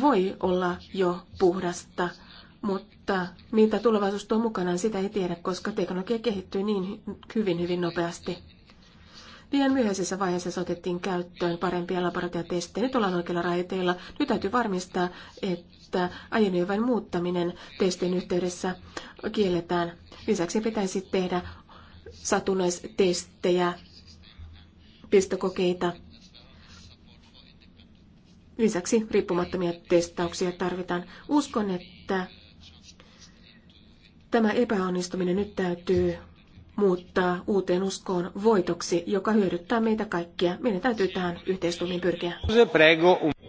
voi olla jo puhdasta, mutta mitä tulevaisuus tuo mukanaan, sitä ei tiedä, koska teknologia kehittyy niin hyvin, hyvin nopeasti. Liian myöhäisessä vaiheessa se otettiin käyttöön parempia laboratoriotestejä. Nyt ollaan oikeilla raiteilla. Nyt täytyy varmistaa, että ajoneuvojen muuttaminen testin yhteydessä kielletään. Lisäksi pitäisi tehdä satunnaistestejä, pistokokeita. Lisäksi riippumattomia testauksia tarvitaan. Uskon, että tämä epäonnistuminen nyt täytyy muuttaa uuteen uskoon voitoksi, joka hyödyttää meitä kaikkia. Meidän täytyy tähän yhteistuumiin pyrkiä.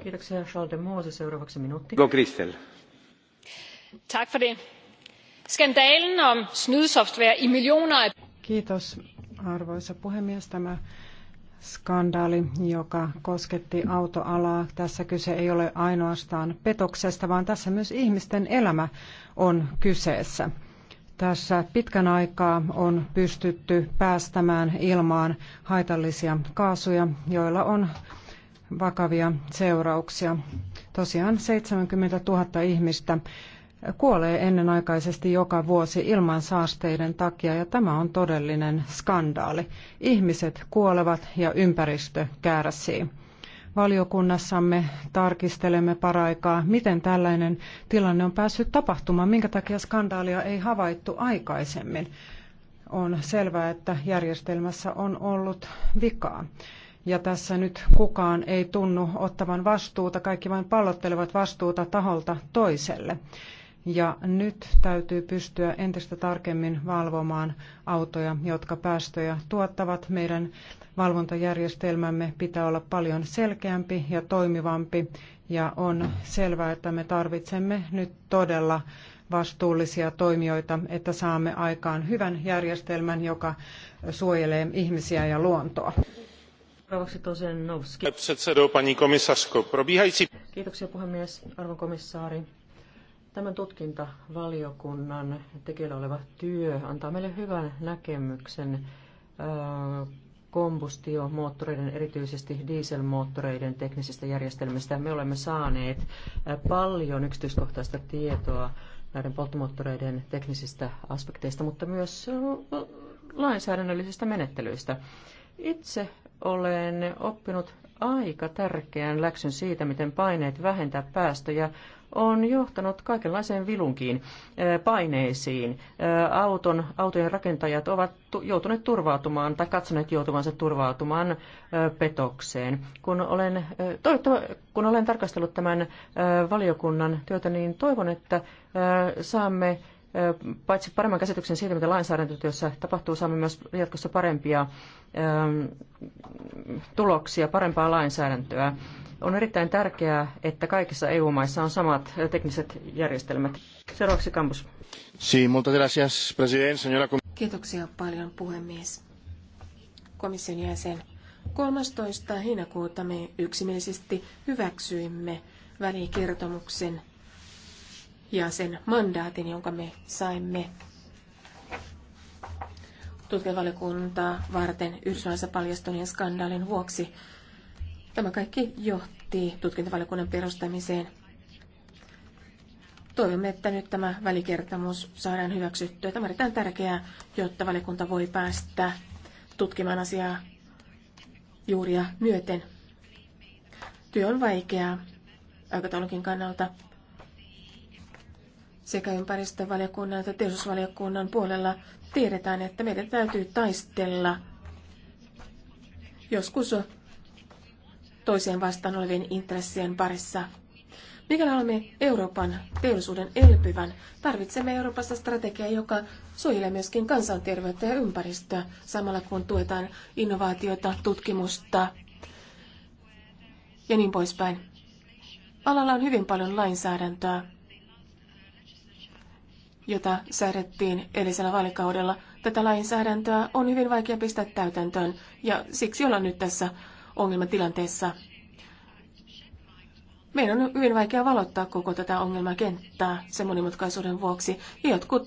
Kiitoksia, Charles de Mose. Seuraavaksi minuutti. Go Kristel. Tack för det. Skandalen om snydsoftware i miljoner... Kiitos, arvoisa puhemies. Tämä skandaali, joka kosketti autoalaa. Tässä kyse ei ole ainoastaan petoksesta, vaan tässä myös ihmisten elämä on kyseessä. Tässä pitkän aikaa on pystytty päästämään ilmaan haitallisia kaasuja, joilla on vakavia seurauksia. Tosiaan 70 000 ihmistä kuolee ennenaikaisesti joka vuosi ilman saasteiden takia ja tämä on todellinen skandaali. Ihmiset kuolevat ja ympäristö kärsii valiokunnassamme tarkistelemme paraikaa, miten tällainen tilanne on päässyt tapahtumaan, minkä takia skandaalia ei havaittu aikaisemmin. On selvää, että järjestelmässä on ollut vikaa. Ja tässä nyt kukaan ei tunnu ottavan vastuuta, kaikki vain pallottelevat vastuuta taholta toiselle ja nyt täytyy pystyä entistä tarkemmin valvomaan autoja, jotka päästöjä tuottavat. Meidän valvontajärjestelmämme pitää olla paljon selkeämpi ja toimivampi ja on selvää, että me tarvitsemme nyt todella vastuullisia toimijoita, että saamme aikaan hyvän järjestelmän, joka suojelee ihmisiä ja luontoa. Kiitoksia puhemies, arvon komissaari Tämän tutkintavaliokunnan tekeillä oleva työ antaa meille hyvän näkemyksen kombustiomoottoreiden, erityisesti dieselmoottoreiden teknisistä järjestelmistä. Me olemme saaneet paljon yksityiskohtaista tietoa näiden polttomoottoreiden teknisistä aspekteista, mutta myös lainsäädännöllisistä menettelyistä. Itse olen oppinut aika tärkeän läksyn siitä, miten paineet vähentää päästöjä on johtanut kaikenlaiseen vilunkiin, paineisiin. Auton, autojen rakentajat ovat joutuneet turvautumaan tai katsoneet joutuvansa turvautumaan petokseen. Kun olen, kun olen tarkastellut tämän valiokunnan työtä, niin toivon, että saamme paitsi paremman käsityksen siitä, mitä lainsäädäntötyössä tapahtuu, saamme myös jatkossa parempia tuloksia, parempaa lainsäädäntöä. On erittäin tärkeää, että kaikissa EU-maissa on samat tekniset järjestelmät. Seuraavaksi Kampus. Kiitoksia paljon puhemies. Komission jäsen. 13. heinäkuuta me yksimielisesti hyväksyimme välikertomuksen – ja sen mandaatin, jonka me saimme tutkivalikuntaa varten Yhdysvallassa paljastuneen skandaalin vuoksi. Tämä kaikki johti tutkintavalikunnan perustamiseen. Toivomme, että nyt tämä välikertomus saadaan hyväksyttyä. Tämä on erittäin tärkeää, jotta valikunta voi päästä tutkimaan asiaa juuria myöten. Työ on vaikeaa aikataulunkin kannalta sekä ympäristövaliokunnan että teollisuusvaliokunnan puolella tiedetään, että meidän täytyy taistella joskus toiseen vastaan olevien intressien parissa. Mikäli haluamme Euroopan teollisuuden elpyvän, tarvitsemme Euroopassa strategiaa, joka suojelee myöskin kansanterveyttä ja ympäristöä, samalla kun tuetaan innovaatiota, tutkimusta ja niin poispäin. Alalla on hyvin paljon lainsäädäntöä, jota säädettiin edellisellä vaalikaudella. Tätä lainsäädäntöä on hyvin vaikea pistää täytäntöön ja siksi ollaan nyt tässä ongelmatilanteessa. Meidän on hyvin vaikea valottaa koko tätä ongelmakenttää sen monimutkaisuuden vuoksi. Ja jotkut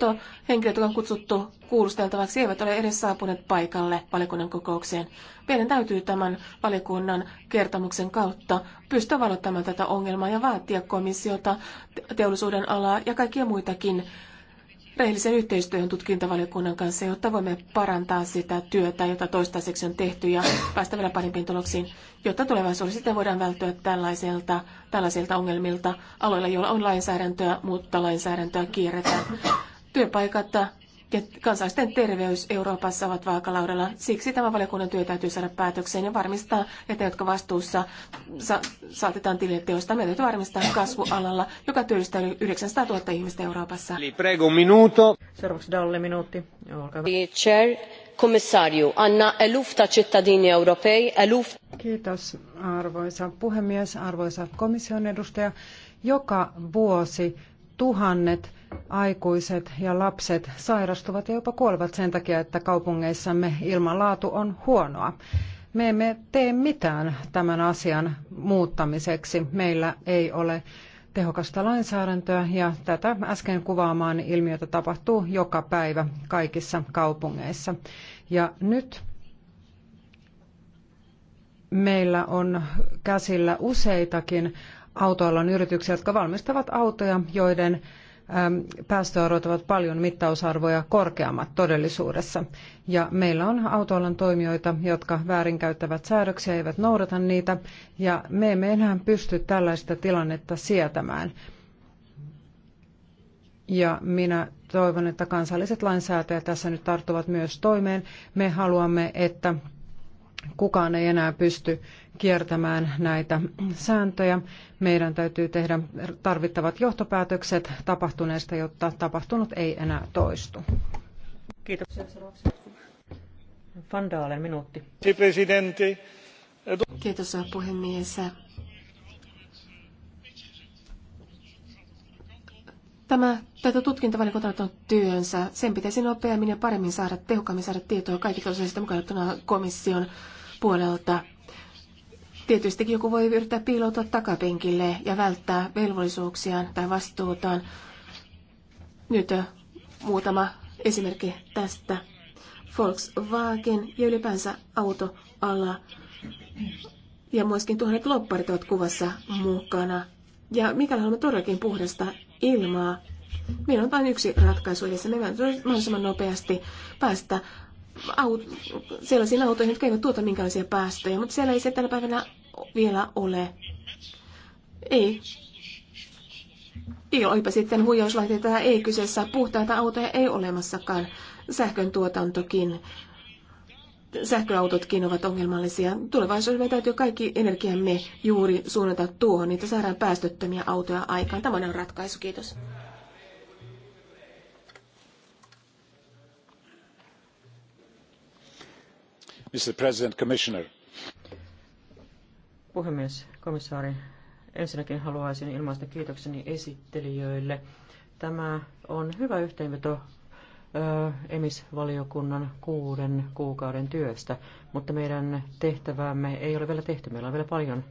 henkilöt, jotka on kutsuttu kuulusteltavaksi, eivät ole edes saapuneet paikalle valiokunnan kokoukseen. Meidän täytyy tämän valiokunnan kertomuksen kautta pystyä valottamaan tätä ongelmaa ja vaatia komissiota, teollisuuden alaa ja kaikkia muitakin rehellisen yhteistyön tutkintavaliokunnan kanssa, jotta voimme parantaa sitä työtä, jota toistaiseksi on tehty ja päästä vielä parempiin tuloksiin, jotta tulevaisuudessa sitten voidaan välttyä tällaiselta, tällaisilta ongelmilta aloilla, joilla on lainsäädäntöä, mutta lainsäädäntöä kierretään. Työpaikat ja kansalaisten terveys Euroopassa ovat vaakalaudella. Siksi tämä valiokunnan työ täytyy saada päätökseen ja varmistaa, että jotka vastuussa sa- saatetaan tilille teosta, meidän täytyy varmistaa kasvualalla, joka työllistää yli 900 000 ihmistä Euroopassa. Prego, minuto. Seuraavaksi Dalle minuutti. Olkaa Chair, anna elufta cittadini europei, eluf... Kiitos arvoisa puhemies, arvoisa komission edustaja. Joka vuosi tuhannet aikuiset ja lapset sairastuvat ja jopa kuolevat sen takia, että kaupungeissamme ilmanlaatu on huonoa. Me emme tee mitään tämän asian muuttamiseksi. Meillä ei ole tehokasta lainsäädäntöä ja tätä äsken kuvaamaan ilmiötä tapahtuu joka päivä kaikissa kaupungeissa. Ja nyt meillä on käsillä useitakin autoalan yrityksiä, jotka valmistavat autoja, joiden Ähm, päästöarvot ovat paljon mittausarvoja korkeammat todellisuudessa. Ja meillä on autoalan toimijoita, jotka väärinkäyttävät säädöksiä, eivät noudata niitä, ja me emme enää pysty tällaista tilannetta sietämään. Ja minä toivon, että kansalliset lainsäätäjät tässä nyt tarttuvat myös toimeen. Me haluamme, että Kukaan ei enää pysty kiertämään näitä sääntöjä. Meidän täytyy tehdä tarvittavat johtopäätökset tapahtuneesta, jotta tapahtunut ei enää toistu. Kiitoksia. Van minuutti. Kiitos puhemies. Tämä tätä tutkintavaliokunta on työnsä. Sen pitäisi nopeammin ja paremmin saada, tehokkaammin saada tietoa kaikista osallisista mukaan komission puolelta. Tietystikin joku voi yrittää piiloutua takapenkille ja välttää velvollisuuksiaan tai vastuutaan. Nyt äh, muutama esimerkki tästä. Volkswagen ja ylipäänsä autoala ja myöskin tuhannet lopparit ovat kuvassa mukana. Ja mikäli haluamme todellakin puhdasta ilmaa, meillä on vain yksi ratkaisu edessä. Me mahdollisimman nopeasti päästä aut, sellaisiin autoihin, jotka eivät tuota minkälaisia päästöjä, mutta siellä ei se tänä päivänä vielä ole. Ei. Ei olipa sitten huijauslaitteita, ei kyseessä puhtaita autoja ei olemassakaan. Sähkön tuotantokin, sähköautotkin ovat ongelmallisia. Tulevaisuudessa meidän täytyy kaikki energiamme juuri suunnata tuohon, niin että saadaan päästöttömiä autoja aikaan. Tämä on ratkaisu, kiitos. arvoisa President, Puhemies, komissaari, ensinnäkin haluaisin ilmaista kiitokseni esittelijöille. Tämä on hyvä yhteenveto emisvaliokunnan kuuden kuukauden työstä, mutta meidän tehtävämme ei ole vielä tehty. Meillä on vielä paljon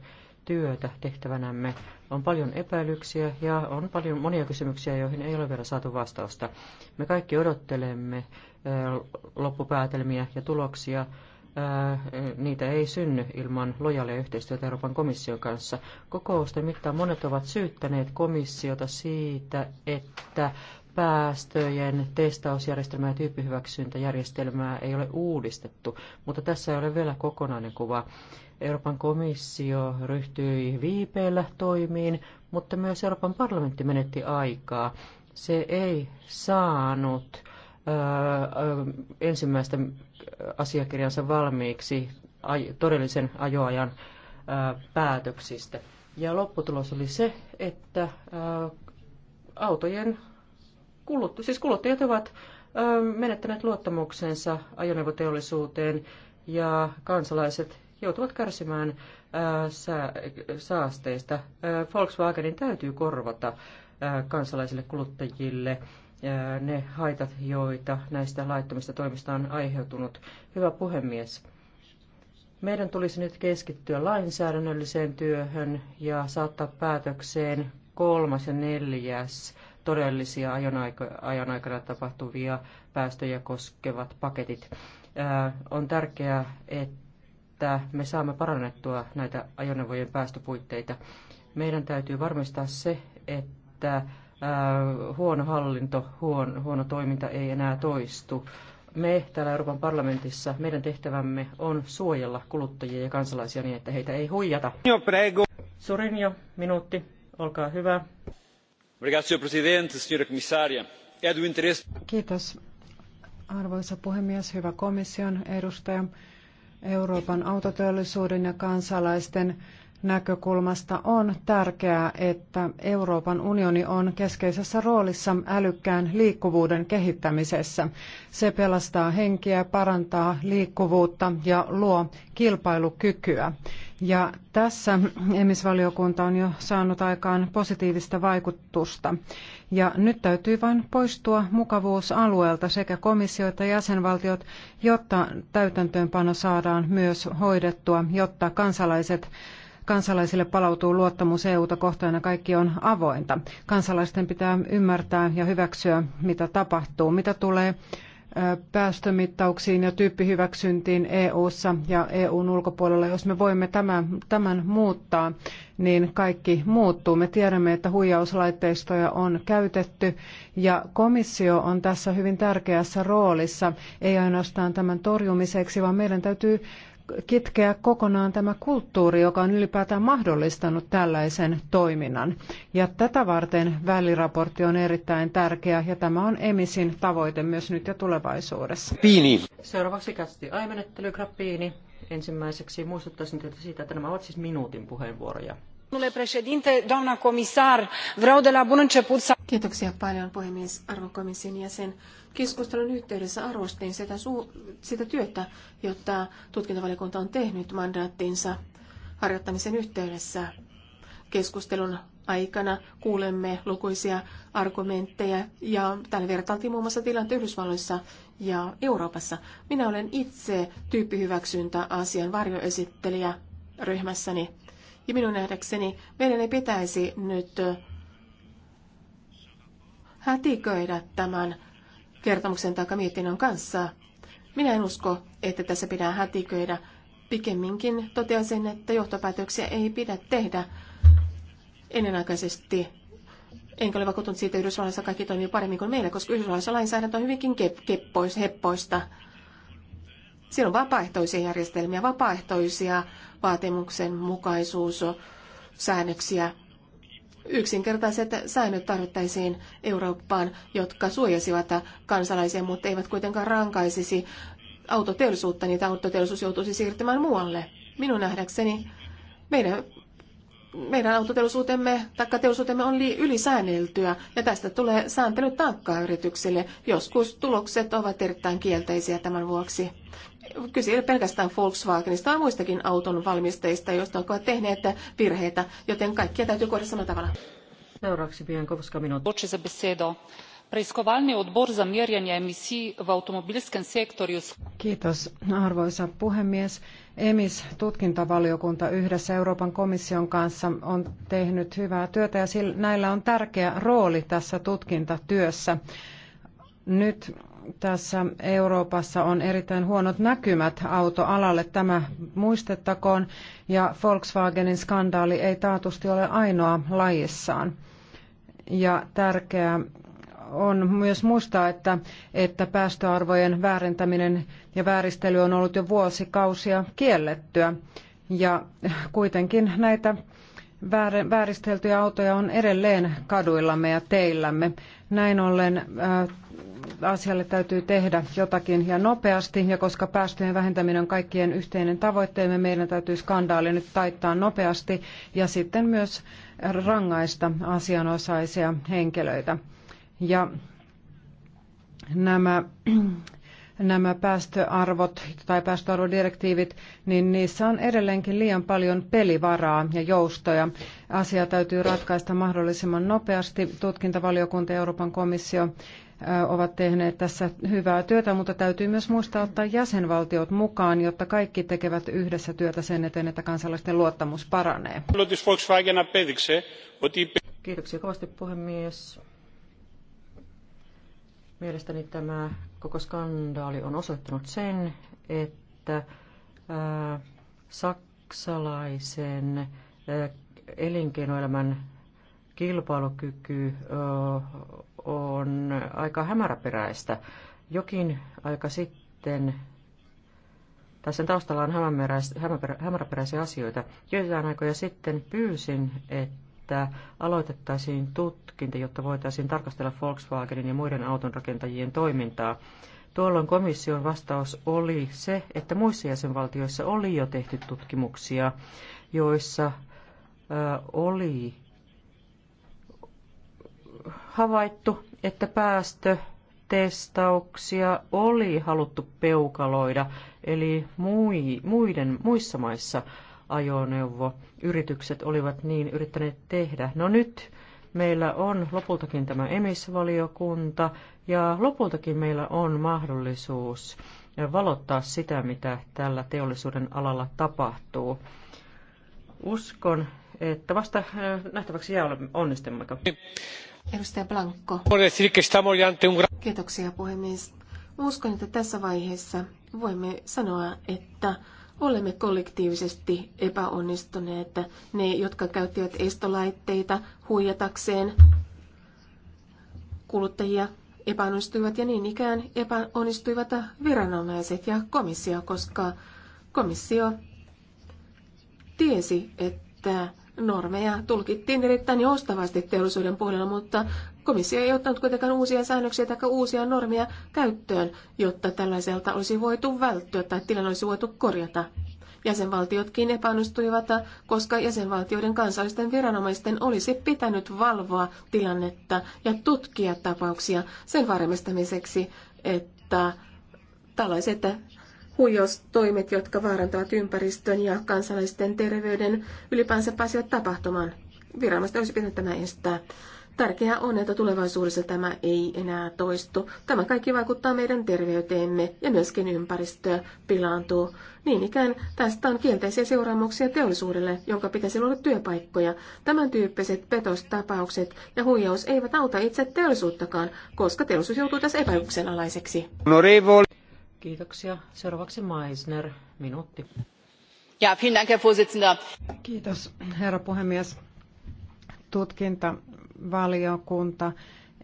työtä tehtävänämme. On paljon epäilyksiä ja on paljon monia kysymyksiä, joihin ei ole vielä saatu vastausta. Me kaikki odottelemme loppupäätelmiä ja tuloksia niitä ei synny ilman lojaalia yhteistyötä Euroopan komission kanssa. Kokousten mittaan monet ovat syyttäneet komissiota siitä, että päästöjen testausjärjestelmää ja tyyppihyväksyntäjärjestelmää ei ole uudistettu, mutta tässä ei ole vielä kokonainen kuva. Euroopan komissio ryhtyi viipeillä toimiin, mutta myös Euroopan parlamentti menetti aikaa. Se ei saanut ensimmäistä asiakirjansa valmiiksi todellisen ajoajan päätöksistä. Ja lopputulos oli se, että autojen kulut, siis kuluttajat ovat menettäneet luottamuksensa ajoneuvoteollisuuteen ja kansalaiset joutuvat kärsimään saasteista. Volkswagenin täytyy korvata kansalaisille kuluttajille ne haitat, joita näistä laittomista toimista on aiheutunut. Hyvä puhemies, meidän tulisi nyt keskittyä lainsäädännölliseen työhön ja saattaa päätökseen kolmas ja neljäs todellisia ajan aikana tapahtuvia päästöjä koskevat paketit. On tärkeää, että me saamme parannettua näitä ajoneuvojen päästöpuitteita. Meidän täytyy varmistaa se, että Äh, huono hallinto, huono, huono toiminta ei enää toistu. Me täällä Euroopan parlamentissa, meidän tehtävämme on suojella kuluttajia ja kansalaisia niin, että heitä ei huijata. Sorinjo, minuutti, olkaa hyvä. Kiitos, arvoisa puhemies, hyvä komission edustaja. Euroopan autoteollisuuden ja kansalaisten näkökulmasta on tärkeää, että Euroopan unioni on keskeisessä roolissa älykkään liikkuvuuden kehittämisessä. Se pelastaa henkiä, parantaa liikkuvuutta ja luo kilpailukykyä. Ja tässä emisvaliokunta on jo saanut aikaan positiivista vaikutusta. Ja nyt täytyy vain poistua mukavuusalueelta sekä komissio että jäsenvaltiot, jotta täytäntöönpano saadaan myös hoidettua, jotta kansalaiset kansalaisille palautuu luottamus EU: ta kohtaan ja kaikki on avointa. Kansalaisten pitää ymmärtää ja hyväksyä, mitä tapahtuu, mitä tulee päästömittauksiin ja tyyppihyväksyntiin EU:ssa ja EUn ulkopuolella. Jos me voimme tämän, tämän muuttaa, niin kaikki muuttuu. Me tiedämme, että huijauslaitteistoja on käytetty ja komissio on tässä hyvin tärkeässä roolissa, ei ainoastaan tämän torjumiseksi, vaan meidän täytyy kitkeä kokonaan tämä kulttuuri, joka on ylipäätään mahdollistanut tällaisen toiminnan. Ja tätä varten väliraportti on erittäin tärkeä ja tämä on EMISin tavoite myös nyt ja tulevaisuudessa. Piini. Seuraavaksi käsitti aimenettely Ensimmäiseksi muistuttaisin teitä siitä, että nämä ovat siis minuutin puheenvuoroja. Domnule președinte, doamna comisar, vreau de la bun început să... Kiitoksia paljon puhemies arvokomission jäsen. Keskustelun yhteydessä arvostin sitä, sitä työtä, jota tutkintavaliokunta on tehnyt mandaattinsa harjoittamisen yhteydessä. Keskustelun aikana kuulemme lukuisia argumentteja ja tällä vertailtiin muun muassa tilanteen Yhdysvalloissa ja Euroopassa. Minä olen itse tyyppihyväksyntä asian varjoesittelijä ryhmässäni ja minun nähdäkseni meidän ei pitäisi nyt hätiköidä tämän kertomuksen tai mietinnön kanssa. Minä en usko, että tässä pitää hätiköidä. Pikemminkin toteaisin, että johtopäätöksiä ei pidä tehdä ennenaikaisesti. Enkä ole vakuuttunut siitä, että Yhdysvalloissa kaikki toimii paremmin kuin meillä, koska Yhdysvalloissa lainsäädäntö on hyvinkin keppoista. keppois, heppoista. Siellä on vapaaehtoisia järjestelmiä, vapaaehtoisia vaatimuksen mukaisuus, säännöksiä. Yksinkertaiset säännöt tarvittaisiin Eurooppaan, jotka suojasivat kansalaisia, mutta eivät kuitenkaan rankaisisi autoteollisuutta, niitä autoteollisuus joutuisi siirtymään muualle. Minun nähdäkseni meidän, meidän autoteollisuutemme tai teollisuutemme on ylisäänneltyä ja tästä tulee sääntely taakkaa yrityksille. Joskus tulokset ovat erittäin kielteisiä tämän vuoksi kyse ei ole pelkästään Volkswagenista, vaan muistakin auton valmisteista, joista ovat tehneet virheitä, joten kaikkia täytyy kohdella samalla tavalla. Seuraavaksi Pienkovska minuutti. za besedo. Preiskovalni odbor za merjenje emisij v avtomobilskem sektorju. Kiitos, arvoisa puhemies. EMIS-tutkintavaliokunta yhdessä Euroopan komission kanssa on tehnyt hyvää työtä ja näillä on tärkeä rooli tässä tutkintatyössä. Nyt tässä Euroopassa on erittäin huonot näkymät autoalalle. Tämä muistettakoon ja Volkswagenin skandaali ei taatusti ole ainoa lajissaan. Ja tärkeää on myös muistaa, että, että päästöarvojen väärentäminen ja vääristely on ollut jo vuosikausia kiellettyä. Ja kuitenkin näitä vääristeltyjä autoja on edelleen kaduillamme ja teillämme. Näin ollen äh, asialle täytyy tehdä jotakin ja nopeasti. Ja koska päästöjen vähentäminen on kaikkien yhteinen tavoitteemme, meidän täytyy skandaali nyt taittaa nopeasti ja sitten myös rangaista asianosaisia henkilöitä. Ja nämä nämä päästöarvot tai päästöarvodirektiivit, niin niissä on edelleenkin liian paljon pelivaraa ja joustoja. Asia täytyy ratkaista mahdollisimman nopeasti. Tutkintavaliokunta ja Euroopan komissio ovat tehneet tässä hyvää työtä, mutta täytyy myös muistaa ottaa jäsenvaltiot mukaan, jotta kaikki tekevät yhdessä työtä sen eteen, että kansalaisten luottamus paranee. Kiitoksia kovasti puhemies. Mielestäni tämä koko skandaali on osoittanut sen, että ää, saksalaisen ää, elinkeinoelämän kilpailukyky ää, on aika hämäräperäistä. Jokin aika sitten, tai sen taustalla on hämäräperäisiä asioita. Joitain aikoja sitten pyysin, että aloitettaisiin tutkinta, jotta voitaisiin tarkastella Volkswagenin ja muiden autonrakentajien toimintaa. Tuolloin komission vastaus oli se, että muissa jäsenvaltioissa oli jo tehty tutkimuksia, joissa oli havaittu, että päästötestauksia oli haluttu peukaloida, eli muiden, muissa maissa ajoneuvoyritykset olivat niin yrittäneet tehdä. No nyt meillä on lopultakin tämä emisvaliokunta ja lopultakin meillä on mahdollisuus valottaa sitä, mitä tällä teollisuuden alalla tapahtuu. Uskon, että vasta äh, nähtäväksi jää onnistummeko. Edustaja Blanco. Kiitoksia puhemies. Uskon, että tässä vaiheessa voimme sanoa, että olemme kollektiivisesti epäonnistuneet. Ne, jotka käyttivät estolaitteita huijatakseen kuluttajia, epäonnistuivat ja niin ikään epäonnistuivat viranomaiset ja komissio, koska komissio tiesi, että normeja tulkittiin erittäin joustavasti teollisuuden puolella, mutta komissio ei ottanut kuitenkaan uusia säännöksiä tai uusia normeja käyttöön, jotta tällaiselta olisi voitu välttyä tai tilanne olisi voitu korjata. Jäsenvaltiotkin epäonnistuivat, koska jäsenvaltioiden kansallisten viranomaisten olisi pitänyt valvoa tilannetta ja tutkia tapauksia sen varmistamiseksi, että tällaiset huijaustoimet, jotka vaarantavat ympäristön ja kansalaisten terveyden, ylipäänsä pääsevät tapahtumaan. Viranomaisten olisi pitänyt tämä estää. Tärkeää on, että tulevaisuudessa tämä ei enää toistu. Tämä kaikki vaikuttaa meidän terveyteemme ja myöskin ympäristö pilaantuu. Niin ikään tästä on kielteisiä seuraamuksia teollisuudelle, jonka pitäisi luoda työpaikkoja. Tämän tyyppiset petostapaukset ja huijaus eivät auta itse teollisuuttakaan, koska teollisuus joutuu tässä epäyksenalaiseksi. Kiitoksia. Seuraavaksi Meisner, minuutti. Ja, Dank, Herr Kiitos, herra puhemies. Tutkintavaliokunta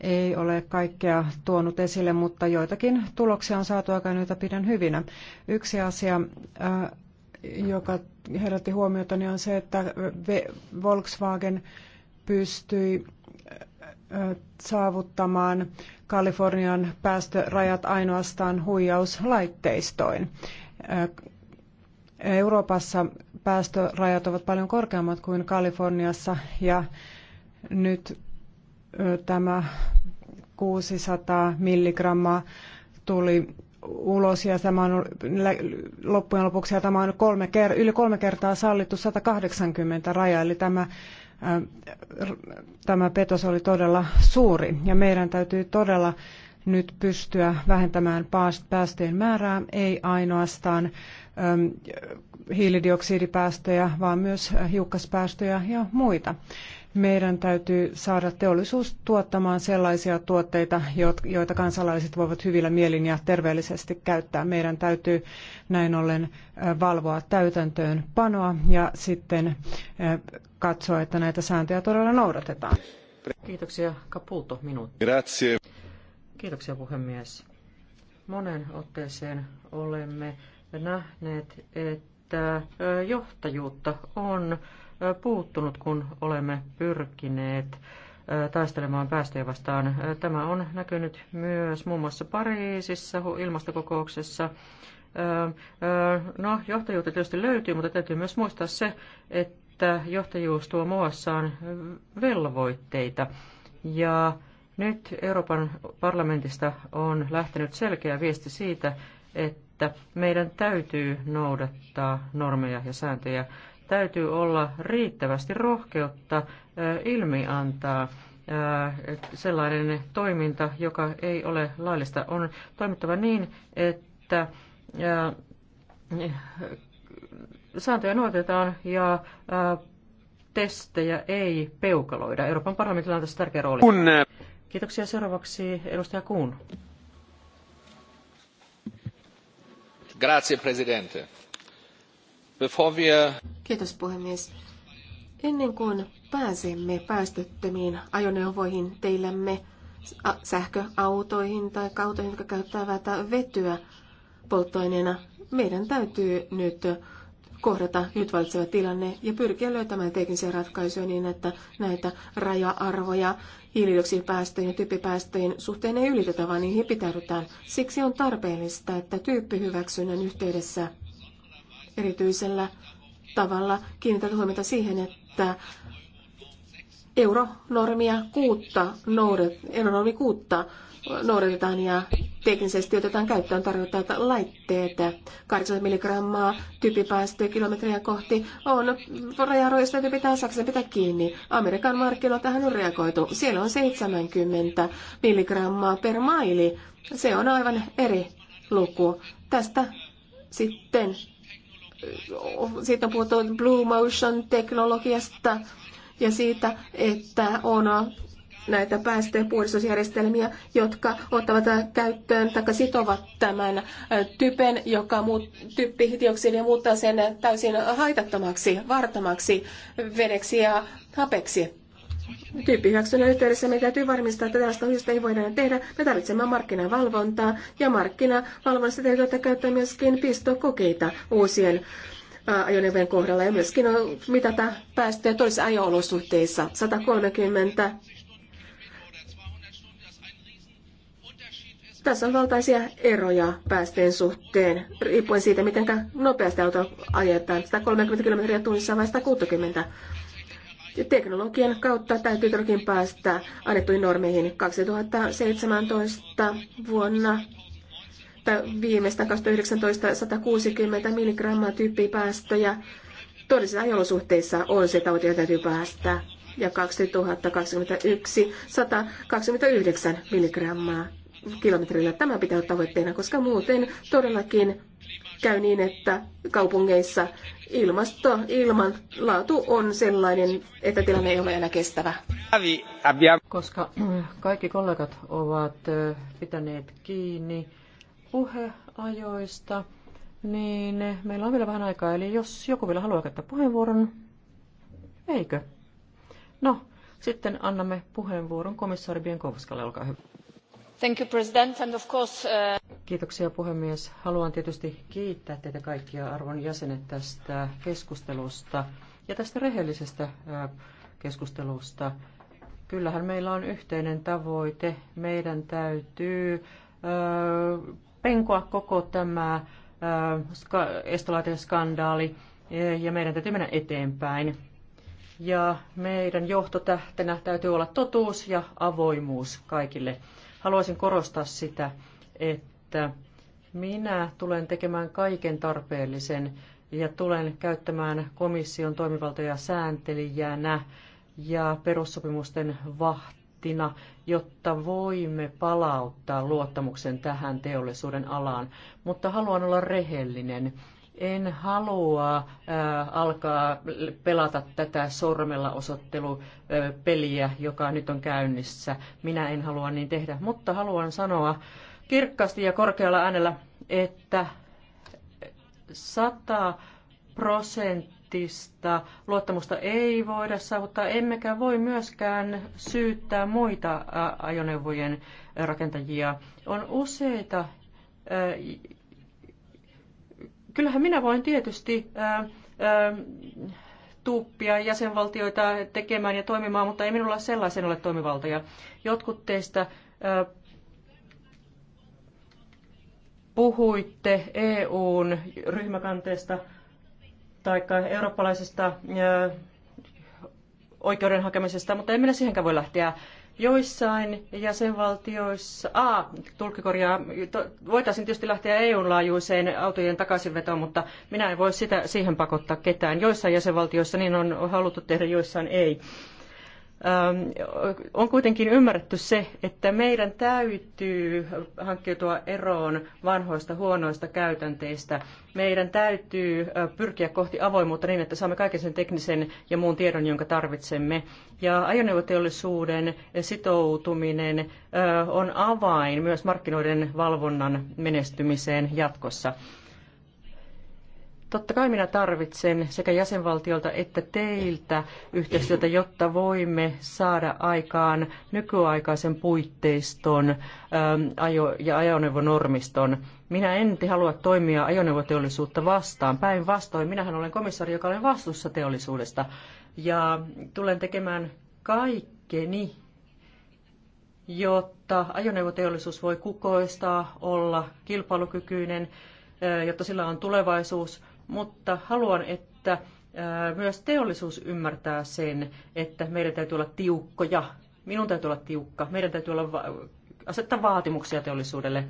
ei ole kaikkea tuonut esille, mutta joitakin tuloksia on saatu aikaan, joita pidän hyvinä. Yksi asia, äh, joka herätti huomiota, niin on se, että Volkswagen pystyi saavuttamaan Kalifornian päästörajat ainoastaan huijauslaitteistoin. Euroopassa päästörajat ovat paljon korkeammat kuin Kaliforniassa ja nyt tämä 600 milligrammaa tuli ulos ja tämä on, loppujen lopuksi ja tämä on kolme, yli kolme kertaa sallittu 180 raja, eli tämä tämä petos oli todella suuri ja meidän täytyy todella nyt pystyä vähentämään päästöjen määrää, ei ainoastaan hiilidioksidipäästöjä, vaan myös hiukkaspäästöjä ja muita. Meidän täytyy saada teollisuus tuottamaan sellaisia tuotteita, joita kansalaiset voivat hyvillä mielin ja terveellisesti käyttää. Meidän täytyy näin ollen valvoa täytäntöönpanoa ja sitten katsoa, että näitä sääntöjä todella noudatetaan. Kiitoksia. Kapulto, minuutti. Grazie. Kiitoksia puhemies. Monen otteeseen olemme nähneet, että johtajuutta on puuttunut, kun olemme pyrkineet taistelemaan päästöjä vastaan. Tämä on näkynyt myös muun muassa Pariisissa ilmastokokouksessa. No, johtajuutta tietysti löytyy, mutta täytyy myös muistaa se, että että johtajuus tuo muassaan velvoitteita. Ja nyt Euroopan parlamentista on lähtenyt selkeä viesti siitä, että meidän täytyy noudattaa normeja ja sääntöjä. Täytyy olla riittävästi rohkeutta ilmiantaa sellainen toiminta, joka ei ole laillista. On toimittava niin, että sääntöjä noudatetaan ja testejä ei peukaloida. Euroopan parlamentilla on tässä tärkeä rooli. Kun... Kiitoksia. Seuraavaksi edustaja Kuun. Grazie, presidente. Before we... Kiitos puhemies. Ennen kuin pääsemme päästöttömiin ajoneuvoihin teillämme, sähköautoihin tai autoihin, jotka käyttävät vetyä polttoaineena, meidän täytyy nyt kohdata nyt valitseva tilanne ja pyrkiä löytämään teknisiä ratkaisuja niin, että näitä raja-arvoja hiilidioksidipäästöjen ja typpipäästöjen suhteen ei ylitetä, vaan niihin pitäydytään. Siksi on tarpeellista, että tyyppihyväksynnän yhteydessä erityisellä tavalla kiinnitetään huomiota siihen, että euronormia kuutta, noudat, euronormi kuutta noudatetaan ja teknisesti otetaan käyttöön tarjottavat laitteet. 8 milligrammaa typipäästöä kilometriä kohti on rajaroista, joita pitää Saksa pitää kiinni. Amerikan markkinoilla tähän on reagoitu. Siellä on 70 milligrammaa per maili. Se on aivan eri luku. Tästä sitten siitä on puhuttu Blue Motion-teknologiasta ja siitä, että on näitä päästö- ja puhdistusjärjestelmiä, jotka ottavat käyttöön tai sitovat tämän typen, joka muut, typpidioksidia muuttaa sen täysin haitattomaksi, vartamaksi vedeksi ja hapeksi. Tyyppihyväksynnän yhteydessä meidän täytyy varmistaa, että tällaista hyöstä ei voida tehdä. Me tarvitsemme markkinavalvontaa ja markkinavalvonnassa täytyy ottaa käyttöön myöskin pistokokeita uusien ajoneuvojen kohdalla ja myöskin mitata päästöjä toisissa ajo-olosuhteissa. 130 Tässä on valtaisia eroja päästöjen suhteen, riippuen siitä, miten nopeasti auto ajetaan, 130 kilometriä tunnissa vai 160. Teknologian kautta täytyy todellakin päästä annettuihin normeihin 2017 vuonna tai viimeistään 2019 160 milligrammaa tyyppipäästöjä. Todellisissa ajolosuhteissa on se tavoite, jota täytyy päästä. Ja 2021 129 milligrammaa kilometrillä. Tämä pitää olla tavoitteena, koska muuten todellakin käy niin, että kaupungeissa ilmasto, ilman laatu on sellainen, että tilanne ei ole enää kestävä. Koska kaikki kollegat ovat pitäneet kiinni puheajoista, niin meillä on vielä vähän aikaa. Eli jos joku vielä haluaa käyttää puheenvuoron, eikö? No, sitten annamme puheenvuoron komissaari Bienkovskalle, olkaa hyvä arvoisa uh, Kiitoksia puhemies. Haluan tietysti kiittää teitä kaikkia arvon jäsenet tästä keskustelusta ja tästä rehellisestä keskustelusta. Kyllähän meillä on yhteinen tavoite. Meidän täytyy penkoa koko tämä estolaiten skandaali e, ja meidän täytyy mennä eteenpäin. Ja meidän johtotähtenä täytyy olla totuus ja avoimuus kaikille Haluaisin korostaa sitä, että minä tulen tekemään kaiken tarpeellisen ja tulen käyttämään komission toimivaltoja sääntelijänä ja perussopimusten vahtina, jotta voimme palauttaa luottamuksen tähän teollisuuden alaan. Mutta haluan olla rehellinen en halua äh, alkaa pelata tätä sormella osoittelupeliä, äh, joka nyt on käynnissä. Minä en halua niin tehdä, mutta haluan sanoa kirkkaasti ja korkealla äänellä, että 100 prosenttista luottamusta ei voida saavuttaa, emmekä voi myöskään syyttää muita äh, ajoneuvojen rakentajia. On useita kyllähän minä voin tietysti ää, ää, tuuppia jäsenvaltioita tekemään ja toimimaan, mutta ei minulla sellaisen ole toimivaltoja. Jotkut teistä ää, puhuitte EUn ryhmäkanteesta tai eurooppalaisesta ää, oikeuden hakemisesta, mutta en minä siihenkään voi lähteä Joissain jäsenvaltioissa, a, tulkikorjaa, voitaisiin tietysti lähteä EUn laajuiseen autojen takaisinvetoon, mutta minä en voi sitä, siihen pakottaa ketään. Joissain jäsenvaltioissa niin on haluttu tehdä, joissain ei. Ähm, on kuitenkin ymmärretty se, että meidän täytyy hankkeutua eroon vanhoista huonoista käytänteistä. Meidän täytyy pyrkiä kohti avoimuutta niin, että saamme kaiken sen teknisen ja muun tiedon, jonka tarvitsemme. Ja ajoneuvoteollisuuden sitoutuminen on avain myös markkinoiden valvonnan menestymiseen jatkossa. Totta kai minä tarvitsen sekä jäsenvaltiolta että teiltä yhteistyötä, jotta voimme saada aikaan nykyaikaisen puitteiston ja ajoneuvonormiston. Minä en halua toimia ajoneuvoteollisuutta vastaan. Päinvastoin, minähän olen komissaari, joka olen vastuussa teollisuudesta. Ja tulen tekemään kaikkeni, jotta ajoneuvoteollisuus voi kukoistaa, olla kilpailukykyinen, jotta sillä on tulevaisuus – mutta haluan, että myös teollisuus ymmärtää sen, että meidän täytyy olla tiukkoja. Minun täytyy olla tiukka. Meidän täytyy olla asettaa vaatimuksia teollisuudelle.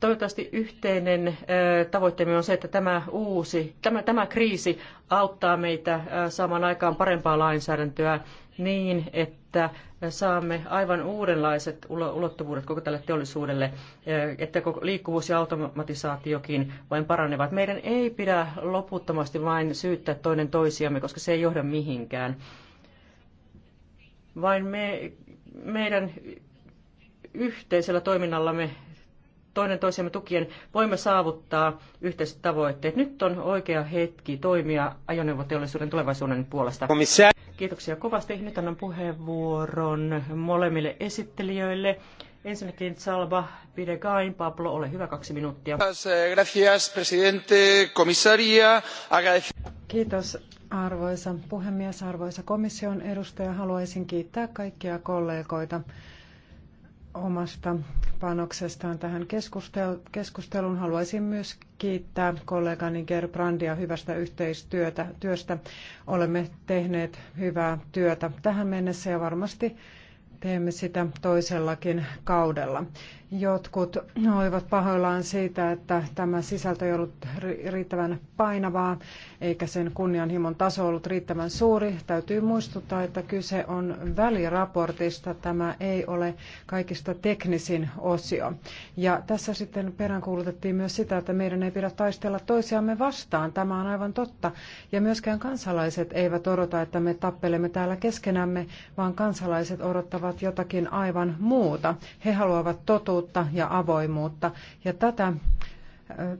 Toivottavasti yhteinen tavoitteemme on se, että tämä uusi, tämä, tämä kriisi auttaa meitä saamaan aikaan parempaa lainsäädäntöä niin, että saamme aivan uudenlaiset ulottuvuudet koko tälle teollisuudelle, eh, että liikkuvuus ja automatisaatiokin vain paranevat. Meidän ei pidä loputtomasti vain syyttää toinen toisiamme, koska se ei johda mihinkään. Vain me, meidän yhteisellä toiminnallamme toinen toisemme tukien voimme saavuttaa yhteiset tavoitteet. Nyt on oikea hetki toimia ajoneuvoteollisuuden tulevaisuuden puolesta. Kiitoksia kovasti. Nyt annan puheenvuoron molemmille esittelijöille. Ensinnäkin Salva Pidegain, Pablo, ole hyvä kaksi minuuttia. Gracias, presidente, komissaria. Kiitos arvoisa puhemies, arvoisa komission edustaja. Haluaisin kiittää kaikkia kollegoita omasta panoksestaan tähän keskusteluun. Haluaisin myös kiittää kollegani Brandia hyvästä yhteistyötä. Työstä olemme tehneet hyvää työtä tähän mennessä ja varmasti teemme sitä toisellakin kaudella. Jotkut olivat pahoillaan siitä, että tämä sisältö ei ollut riittävän painavaa, eikä sen kunnianhimon taso ollut riittävän suuri. Täytyy muistuttaa, että kyse on väliraportista. Tämä ei ole kaikista teknisin osio. Ja tässä sitten peräänkuulutettiin myös sitä, että meidän ei pidä taistella toisiamme vastaan. Tämä on aivan totta. Ja myöskään kansalaiset eivät odota, että me tappelemme täällä keskenämme, vaan kansalaiset odottavat jotakin aivan muuta. He haluavat totuutta avoimuutta ja avoimuutta. Ja tätä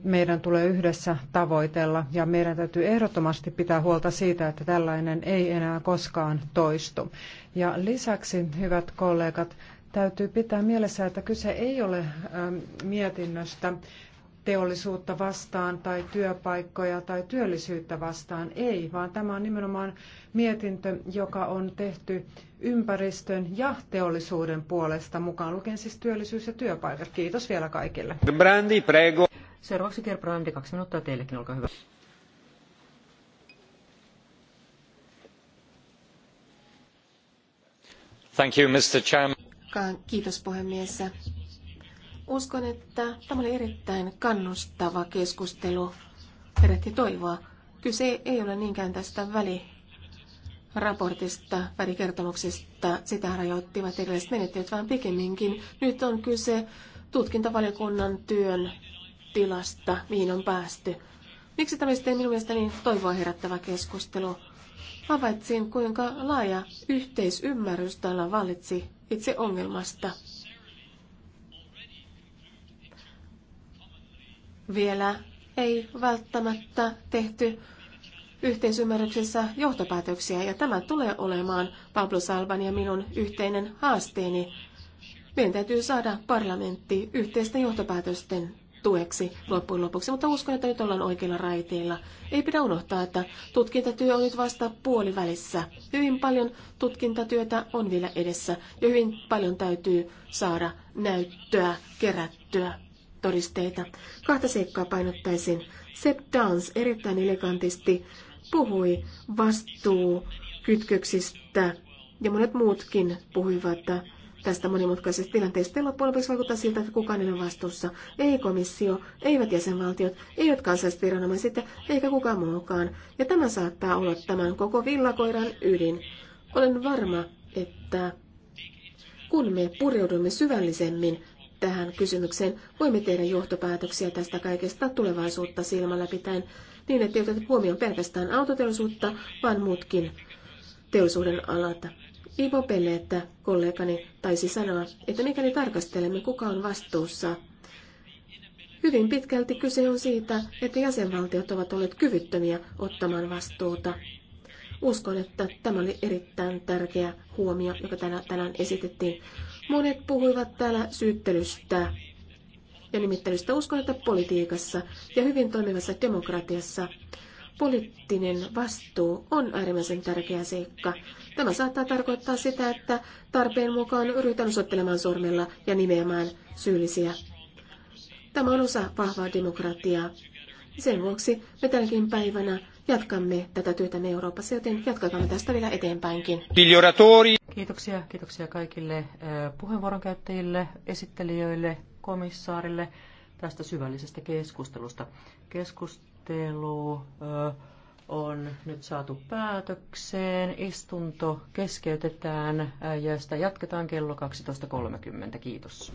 meidän tulee yhdessä tavoitella ja meidän täytyy ehdottomasti pitää huolta siitä, että tällainen ei enää koskaan toistu. Ja lisäksi, hyvät kollegat, täytyy pitää mielessä, että kyse ei ole mietinnöstä, teollisuutta vastaan tai työpaikkoja tai työllisyyttä vastaan. Ei, vaan tämä on nimenomaan mietintö, joka on tehty ympäristön ja teollisuuden puolesta, mukaan lukien siis työllisyys ja työpaikat. Kiitos vielä kaikille. Brandi, prego. Seuraavaksi Gerbrandi, kaksi minuuttia teillekin, olkaa hyvä. Thank you, Mr. Chairman. Kiitos puhemies. Uskon, että tämä oli erittäin kannustava keskustelu. Herätti toivoa. Kyse ei ole niinkään tästä väli raportista, välikertomuksesta, sitä rajoittivat erilaiset menettelyt, vaan pikemminkin nyt on kyse tutkintavaliokunnan työn tilasta, mihin on päästy. Miksi tämä sitten minun mielestäni niin toivoa herättävä keskustelu? Havaitsin, kuinka laaja yhteisymmärrys täällä vallitsi itse ongelmasta. vielä ei välttämättä tehty yhteisymmärryksessä johtopäätöksiä, ja tämä tulee olemaan Pablo Salvan ja minun yhteinen haasteeni. Meidän täytyy saada parlamentti yhteisten johtopäätösten tueksi loppujen lopuksi, mutta uskon, että nyt ollaan oikeilla raiteilla. Ei pidä unohtaa, että tutkintatyö on nyt vasta puolivälissä. Hyvin paljon tutkintatyötä on vielä edessä ja hyvin paljon täytyy saada näyttöä kerättyä todisteita. Kahta seikkaa painottaisin. Sepp Dance erittäin elegantisti puhui vastuukytköksistä ja monet muutkin puhuivat tästä monimutkaisesta tilanteesta. Ja loppujen lopuksi vaikuttaa siltä, että kukaan ei ole vastuussa. Ei komissio, eivät jäsenvaltiot, eivät kansalliset viranomaiset eikä kukaan muukaan. Ja tämä saattaa olla tämän koko villakoiran ydin. Olen varma, että kun me pureudumme syvällisemmin tähän kysymykseen. Voimme tehdä johtopäätöksiä tästä kaikesta tulevaisuutta silmällä pitäen niin, että ei oteta huomioon pelkästään autoteollisuutta, vaan muutkin teollisuuden alat. Ivo Pelle, että kollegani taisi sanoa, että mikäli tarkastelemme, kuka on vastuussa Hyvin pitkälti kyse on siitä, että jäsenvaltiot ovat olleet kyvyttömiä ottamaan vastuuta. Uskon, että tämä oli erittäin tärkeä huomio, joka tänään esitettiin. Monet puhuivat täällä syyttelystä ja nimittelystä. Uskon, että politiikassa ja hyvin toimivassa demokratiassa poliittinen vastuu on äärimmäisen tärkeä seikka. Tämä saattaa tarkoittaa sitä, että tarpeen mukaan ryhdytään osoittelemaan sormella ja nimeämään syyllisiä. Tämä on osa vahvaa demokratiaa. Sen vuoksi me tänäkin päivänä jatkamme tätä työtä Euroopassa, joten jatkakaamme tästä vielä eteenpäinkin. Kiitoksia, kiitoksia kaikille eh, puheenvuoron käyttäjille, esittelijöille, komissaarille tästä syvällisestä keskustelusta. Keskustelu eh, on nyt saatu päätökseen. Istunto keskeytetään eh, ja sitä jatketaan kello 12.30. Kiitos.